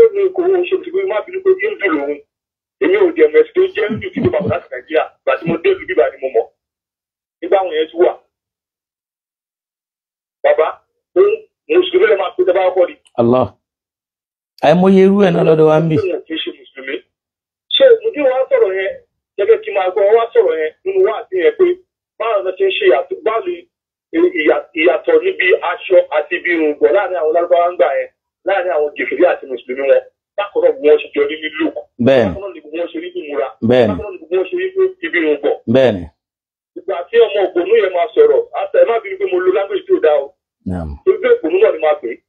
ó ní kò ń ṣe mùsùlùmí má bínú pé hindu lòun èmi ò dẹ̀ mọ̀ tó jẹ́ hindu kí ló bàbá láti nàìjíríà mo débi bíbá ni mo mọ̀ nígbà àwọn yẹn ti wà bàbá òun mùsùlùmí lè máa pe tẹ́bá ọkọ ni. Allah àìmọye irú ẹ̀ náà lọ́dọ̀ wa ń bì. kì í ṣe mùsùlùmí ṣé òmùdí wa sọ̀rọ̀ yẹn gẹ́gẹ́ kí máa gbọ́ wa sọ̀rọ̀ yẹn nínú wa àti yẹn pé báwo ló ti ń ṣe ìyàtọ̀ níbi aṣọ àti ibi irùngbọ̀n láàrin àwọn lárúbáwá ń gbà yẹn láàrin àwọn kèfèrí àti mùsùlùmí wọn bákan náà bí wọ́n ṣe jọ rí ní look bákan náà ni bí wọ́n ṣe rí ní múra bákan náà ni bí wọ́n ṣe rí ní ibi ìrùngbọ̀. ìgbà tí ọmọ ògbónú yẹn máa sọ̀rọ̀ àtẹ má bínú pé mo lo lágbèjì tó dáa o torí pé ògbónú náà ni máa pè é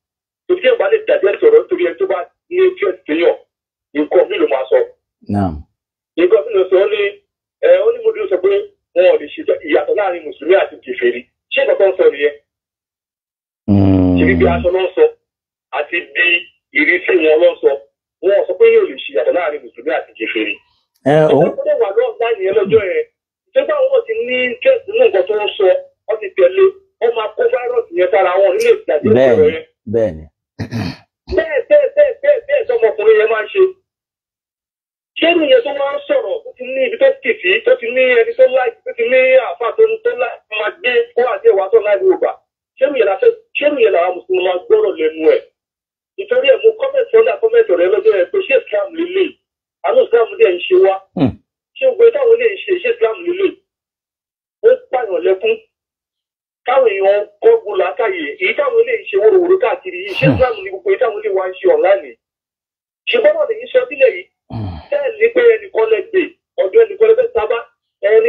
torí pé ìgbà lè dàjẹ́ sọ̀rọ̀ nítorí ẹni tó bá ní interest téèyàn nǹkan mi ló máa sọ. nǹkan mi ló sọ ó ní ó ní mo dúró sọ pé wọn ò lè ṣe ìyàtọ̀ láàrin mùsùlùmí àti kèfèrí ṣé nǹkan tó ń sọ nìyẹn hmm. ṣe bíbi aṣọ ló sọ àti bí ìrísí wọn ló sọ wọn sọ pé yóò lè ṣe yàtọ̀ láàrin mùsùlùmí àti kèfèrí. ìjọba wà lọ́ọ̀dá yẹn lọ́jọ́ yẹn ìjọba wọn ti ní interest nínú nǹkan tó ń sọ wọn ti tẹ̀lé wọn máa kó fáírọ̀sì yẹn sára wọn nílé ìdàgbé ìṣòro yẹn. bẹ́ẹ̀ni bẹ́ẹ̀ bẹ́ẹ̀ bẹ́ẹ̀ bẹ́ẹ̀ bẹ́ẹ̀ sọmọkùnrin yẹn máa ń ṣe ṣẹ́rù yẹn tó máa ń sọ̀rọ̀ tó ti ní ibi tó ti fi tó ti ní ẹni tó láìpẹ́ tó ti ní àfa tó ń máa gbé kó àti ẹ̀wà tó láìpẹ́ ògbà ṣẹ́rù yẹn làwọn mùsùlùmí máa gbọ́rọ̀ lẹ́nu ẹ̀ ìtorí ẹ̀ mo kọ́mẹ̀tì ọ̀dà kọ́mẹ̀tì rẹ lọ́jọ́ yẹn pé ṣé islam líle àánú islam dẹ̀ ń ṣe wá hmm. ṣé gbogbo táwọn lè ṣe ṣé islam líle ó pààyàn lẹ́kún káwọn èèyàn kọ́gun làákàyè èyí táwọn lè ṣe wóróworó káàkiri yìí ṣé hmm. islam ní gbogbo èyí táwọn lè wá ń ṣe online ṣe bọ́dọ̀ lè yín sọ sílẹ̀ yìí bẹ́ẹ̀ hmm. ni pé ẹnìkan lẹ gbé ọ̀dọ̀ ẹnìkan lẹ fẹ́ sábà ẹ tó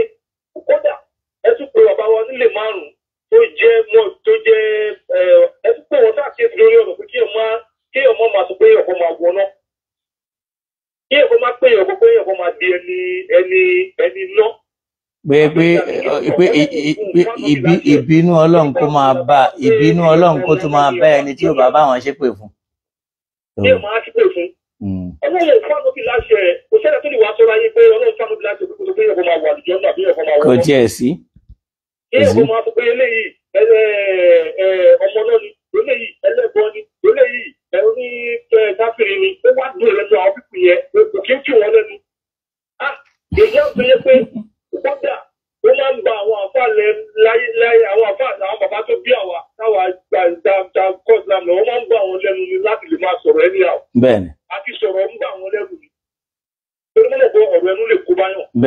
jẹ́ mọ́ tó jẹ́ ẹ tún pé wọ́n sáà kéèsì lórí ọ̀rọ̀ pé kí ẹ máa kí èèyàn máa sọ pé èèyàn kan máa wọná kí èèyàn kan máa pé èèyàn kan pé èèyàn kan máa di ẹni ẹni ẹni lọ. pé pé eh, pé ìbínú ọlọ́run kó máa bá ìbínú ọlọ́run kó tún máa bá ẹni tí yóò bá bá wọn ṣépè fún. ṣé màá ṣépè fún. Hmm. ọlọ́run fún ànọ́bì láṣẹ rẹ̀ kò sẹ́dá tó lè wá sọ́ra yín pé ọlọ́run fún ànọ́bì láṣẹ rẹ̀ kò sọ pé èèyàn kan máa wà lùjọ́ náà bí èèyàn kan máa wọ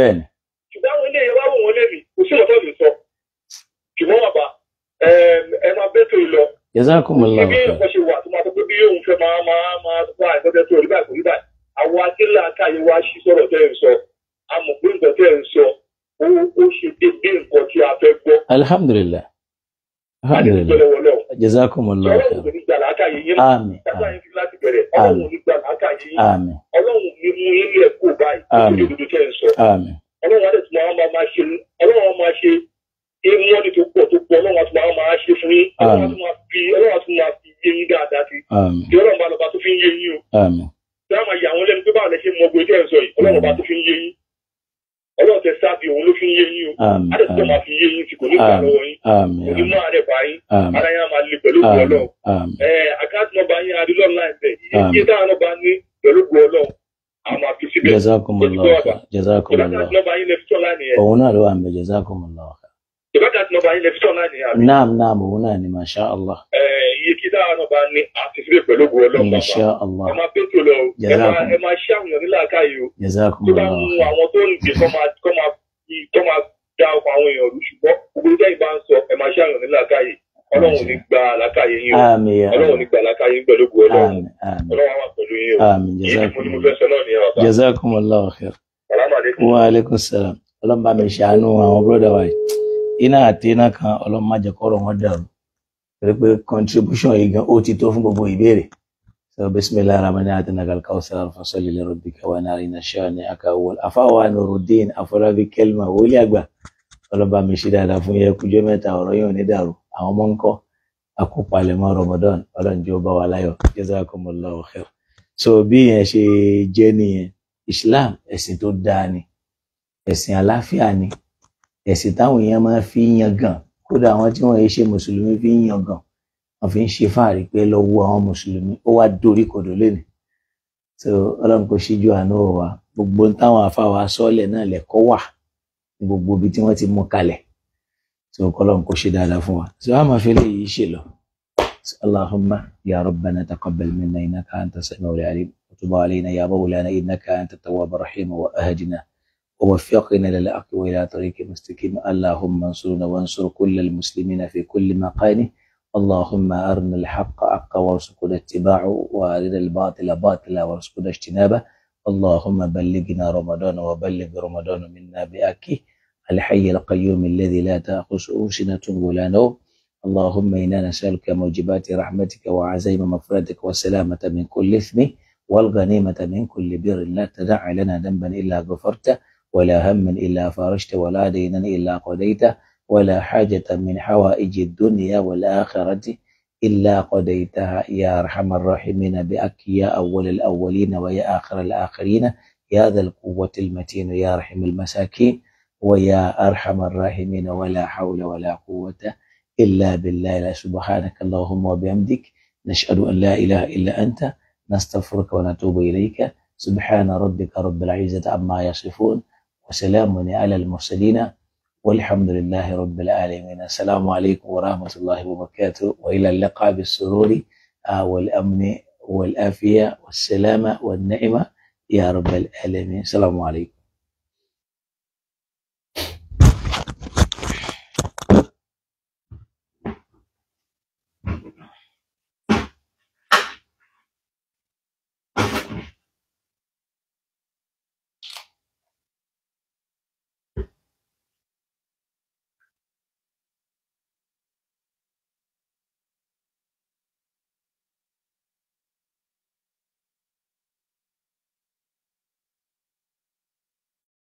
bẹ́ẹ̀ni. ṣùgbọ́n àwọn ilé yẹn wá wò wọ́n lẹ́mí kò sí ìwọ́tọ́ lè sọ ṣùgbọ́n bàbá ẹ máa bẹ́ tó lọ. jazakumullahu khair. ibi ìkọ́ṣe wà tó máa tó pé bí òun fẹ́ máa máa máa wá ìtọ́jẹ́ tó rí kò rí àwọn akíńlá káyé wá sí sọ̀rọ̀ tẹ́ ń sọ amògbé nǹkan tẹ́ ń sọ ó ṣe dédé nǹkan tí a fẹ́ gbọ́. alhamdulillah ọlọ́run ní mú ilé ẹ̀kọ́ báyìí ọlọ́run adé tí màá máa ṣe ọlọ́run máa ṣe ìmúọ́nì tó pọ̀ tó pọ̀ ọlọ́run àti màá máa ṣe fún yín ọlọ́run àti máa fi ọlọ́run àti máa fi yé yín dáadáa sí i ọlọ́run bá lọ́ba tó fi ń yé yín o tí wọ́n máa yà wọ́n lẹ́nu pé báwo lẹ mọ ogun ẹ̀jẹ̀ sọ yìí ọlọ́run bá tó fi ń yé jazakumullahu khair jazakumullahu khair òun náà ló wà mí jazakumullahu khair. ìbádà tí nọmba yín lè fi tọ́lá ni àbí. naam naam òun náà eh, ni masha allah. iye kí dáhà náà bá ní àti sílẹ̀ pẹ̀lú ògùn ọlọ́run bàbá. masha allah ẹ máa pètò lọ ẹ máa ṣe àwọn ènìyàn níláàká yìí o. jazakumullahu khair. tó bá mú àwọn tó ń gbé kọ́ máa da ọkọ̀ àwọn èèyàn rú ṣùgbọ́n gbogbo ìgbà ìbá ń sọ ẹ máa ṣe àwọn ènìyàn níláàká yìí ọlọ́run ní gba àlàkàyé yín o ọlọ́run ní gba àlàkàyé yín pẹ̀lú ògùn ọlọ́run ọlọ́run wà pẹ̀lú yín o yìí ni mo ní mo fẹ́ sọ náà ní àwọn bá. jazakumullahu khair. wa aleykum salaam ọlọ́run bá mi ṣàánú àwọn búrọ́dà wa yìí iná àti iná kan ọlọ́run má jẹ́ kọ́rọ̀ wọn dàrú pẹ̀lú pé contribution yìí gan ó ti tó fún gbogbo ìbéèrè. sọ bisimilahi rahmani adinaka alkawusar alfasoli lero bika wa nari na shani aka wọl afawa nurudin afọlábí kelma wọlé àgbà ọlọ́run bá mi ṣe dáadáa fún yẹ kújọ mẹ́ta ọ̀rọ̀ yóò ní dàrú àwọn ọmọ ń kọ́ àkópalẹ̀mọ́ Ramadan ọlọ́njọ́ bá wa láyọ̀ jazakumullahu khair so bí yẹn ṣe jẹ́ nìyẹn Islam ẹ̀sìn tó dáa ni ẹ̀sìn àlàáfíà ni ẹ̀sìn táwọn èèyàn máa fi ń yangàn kódà àwọn tí wọ́n yẹ ṣe mùsùlùmí fi ń yangàn wọ́n fi ń ṣe fáàrí pé lọ́wọ́ àwọn mùsùlùmí ó wá dorí kodò lónìí so ọlọ́run kò ṣíjú àánú wa gbogbo táwọn afáwa sọ́ọ̀lẹ̀ náà lẹ̀kọ́ wà gbogbo ibi tí wọ́n ti mú kalẹ̀ so kọlọ́n kò ṣe dáadáa fún wa so a máa fi léyìí ṣe lọ allahumma ya rabbana taqabbal minna innaka anta samiul alim wa tub alayna ya mawlana innaka anta tawwabur rahim wa ahdina wa waffiqna lil haqqi wa ila tariqin mustaqim allahumma ansurna wa ansur kullal muslimina fi kulli maqani اللهم أرنا الحق حقا وارزقنا اتباعه وأرنا الباطل باطلا وارزقنا اجتنابه اللهم بلغنا رمضان وبلغ رمضان منا بأكيه الحي القيوم الذي لا تأخذه سنة ولا نوم اللهم إنا نسألك موجبات رحمتك وعزيم مغفرتك والسلامة من كل إثم والغنيمة من كل بر لا تدع لنا ذنبا إلا غفرته ولا هما إلا فرجته ولا دينا إلا قضيته ولا حاجة من حوائج الدنيا والآخرة إلا قضيتها يا أرحم الراحمين بأك يا أول الأولين ويا آخر الآخرين يا ذا القوة المتين يا رحم المساكين ويا أرحم الراحمين ولا حول ولا قوة إلا بالله لا سبحانك اللهم وبحمدك نشهد أن لا إله إلا أنت نستغفرك ونتوب إليك سبحان ربك رب العزة عما يصفون وسلام على المرسلين والحمد لله رب العالمين السلام عليكم ورحمة الله وبركاته وإلى اللقاء بالسرور والأمن والآفية والسلامة والنعمة يا رب العالمين السلام عليكم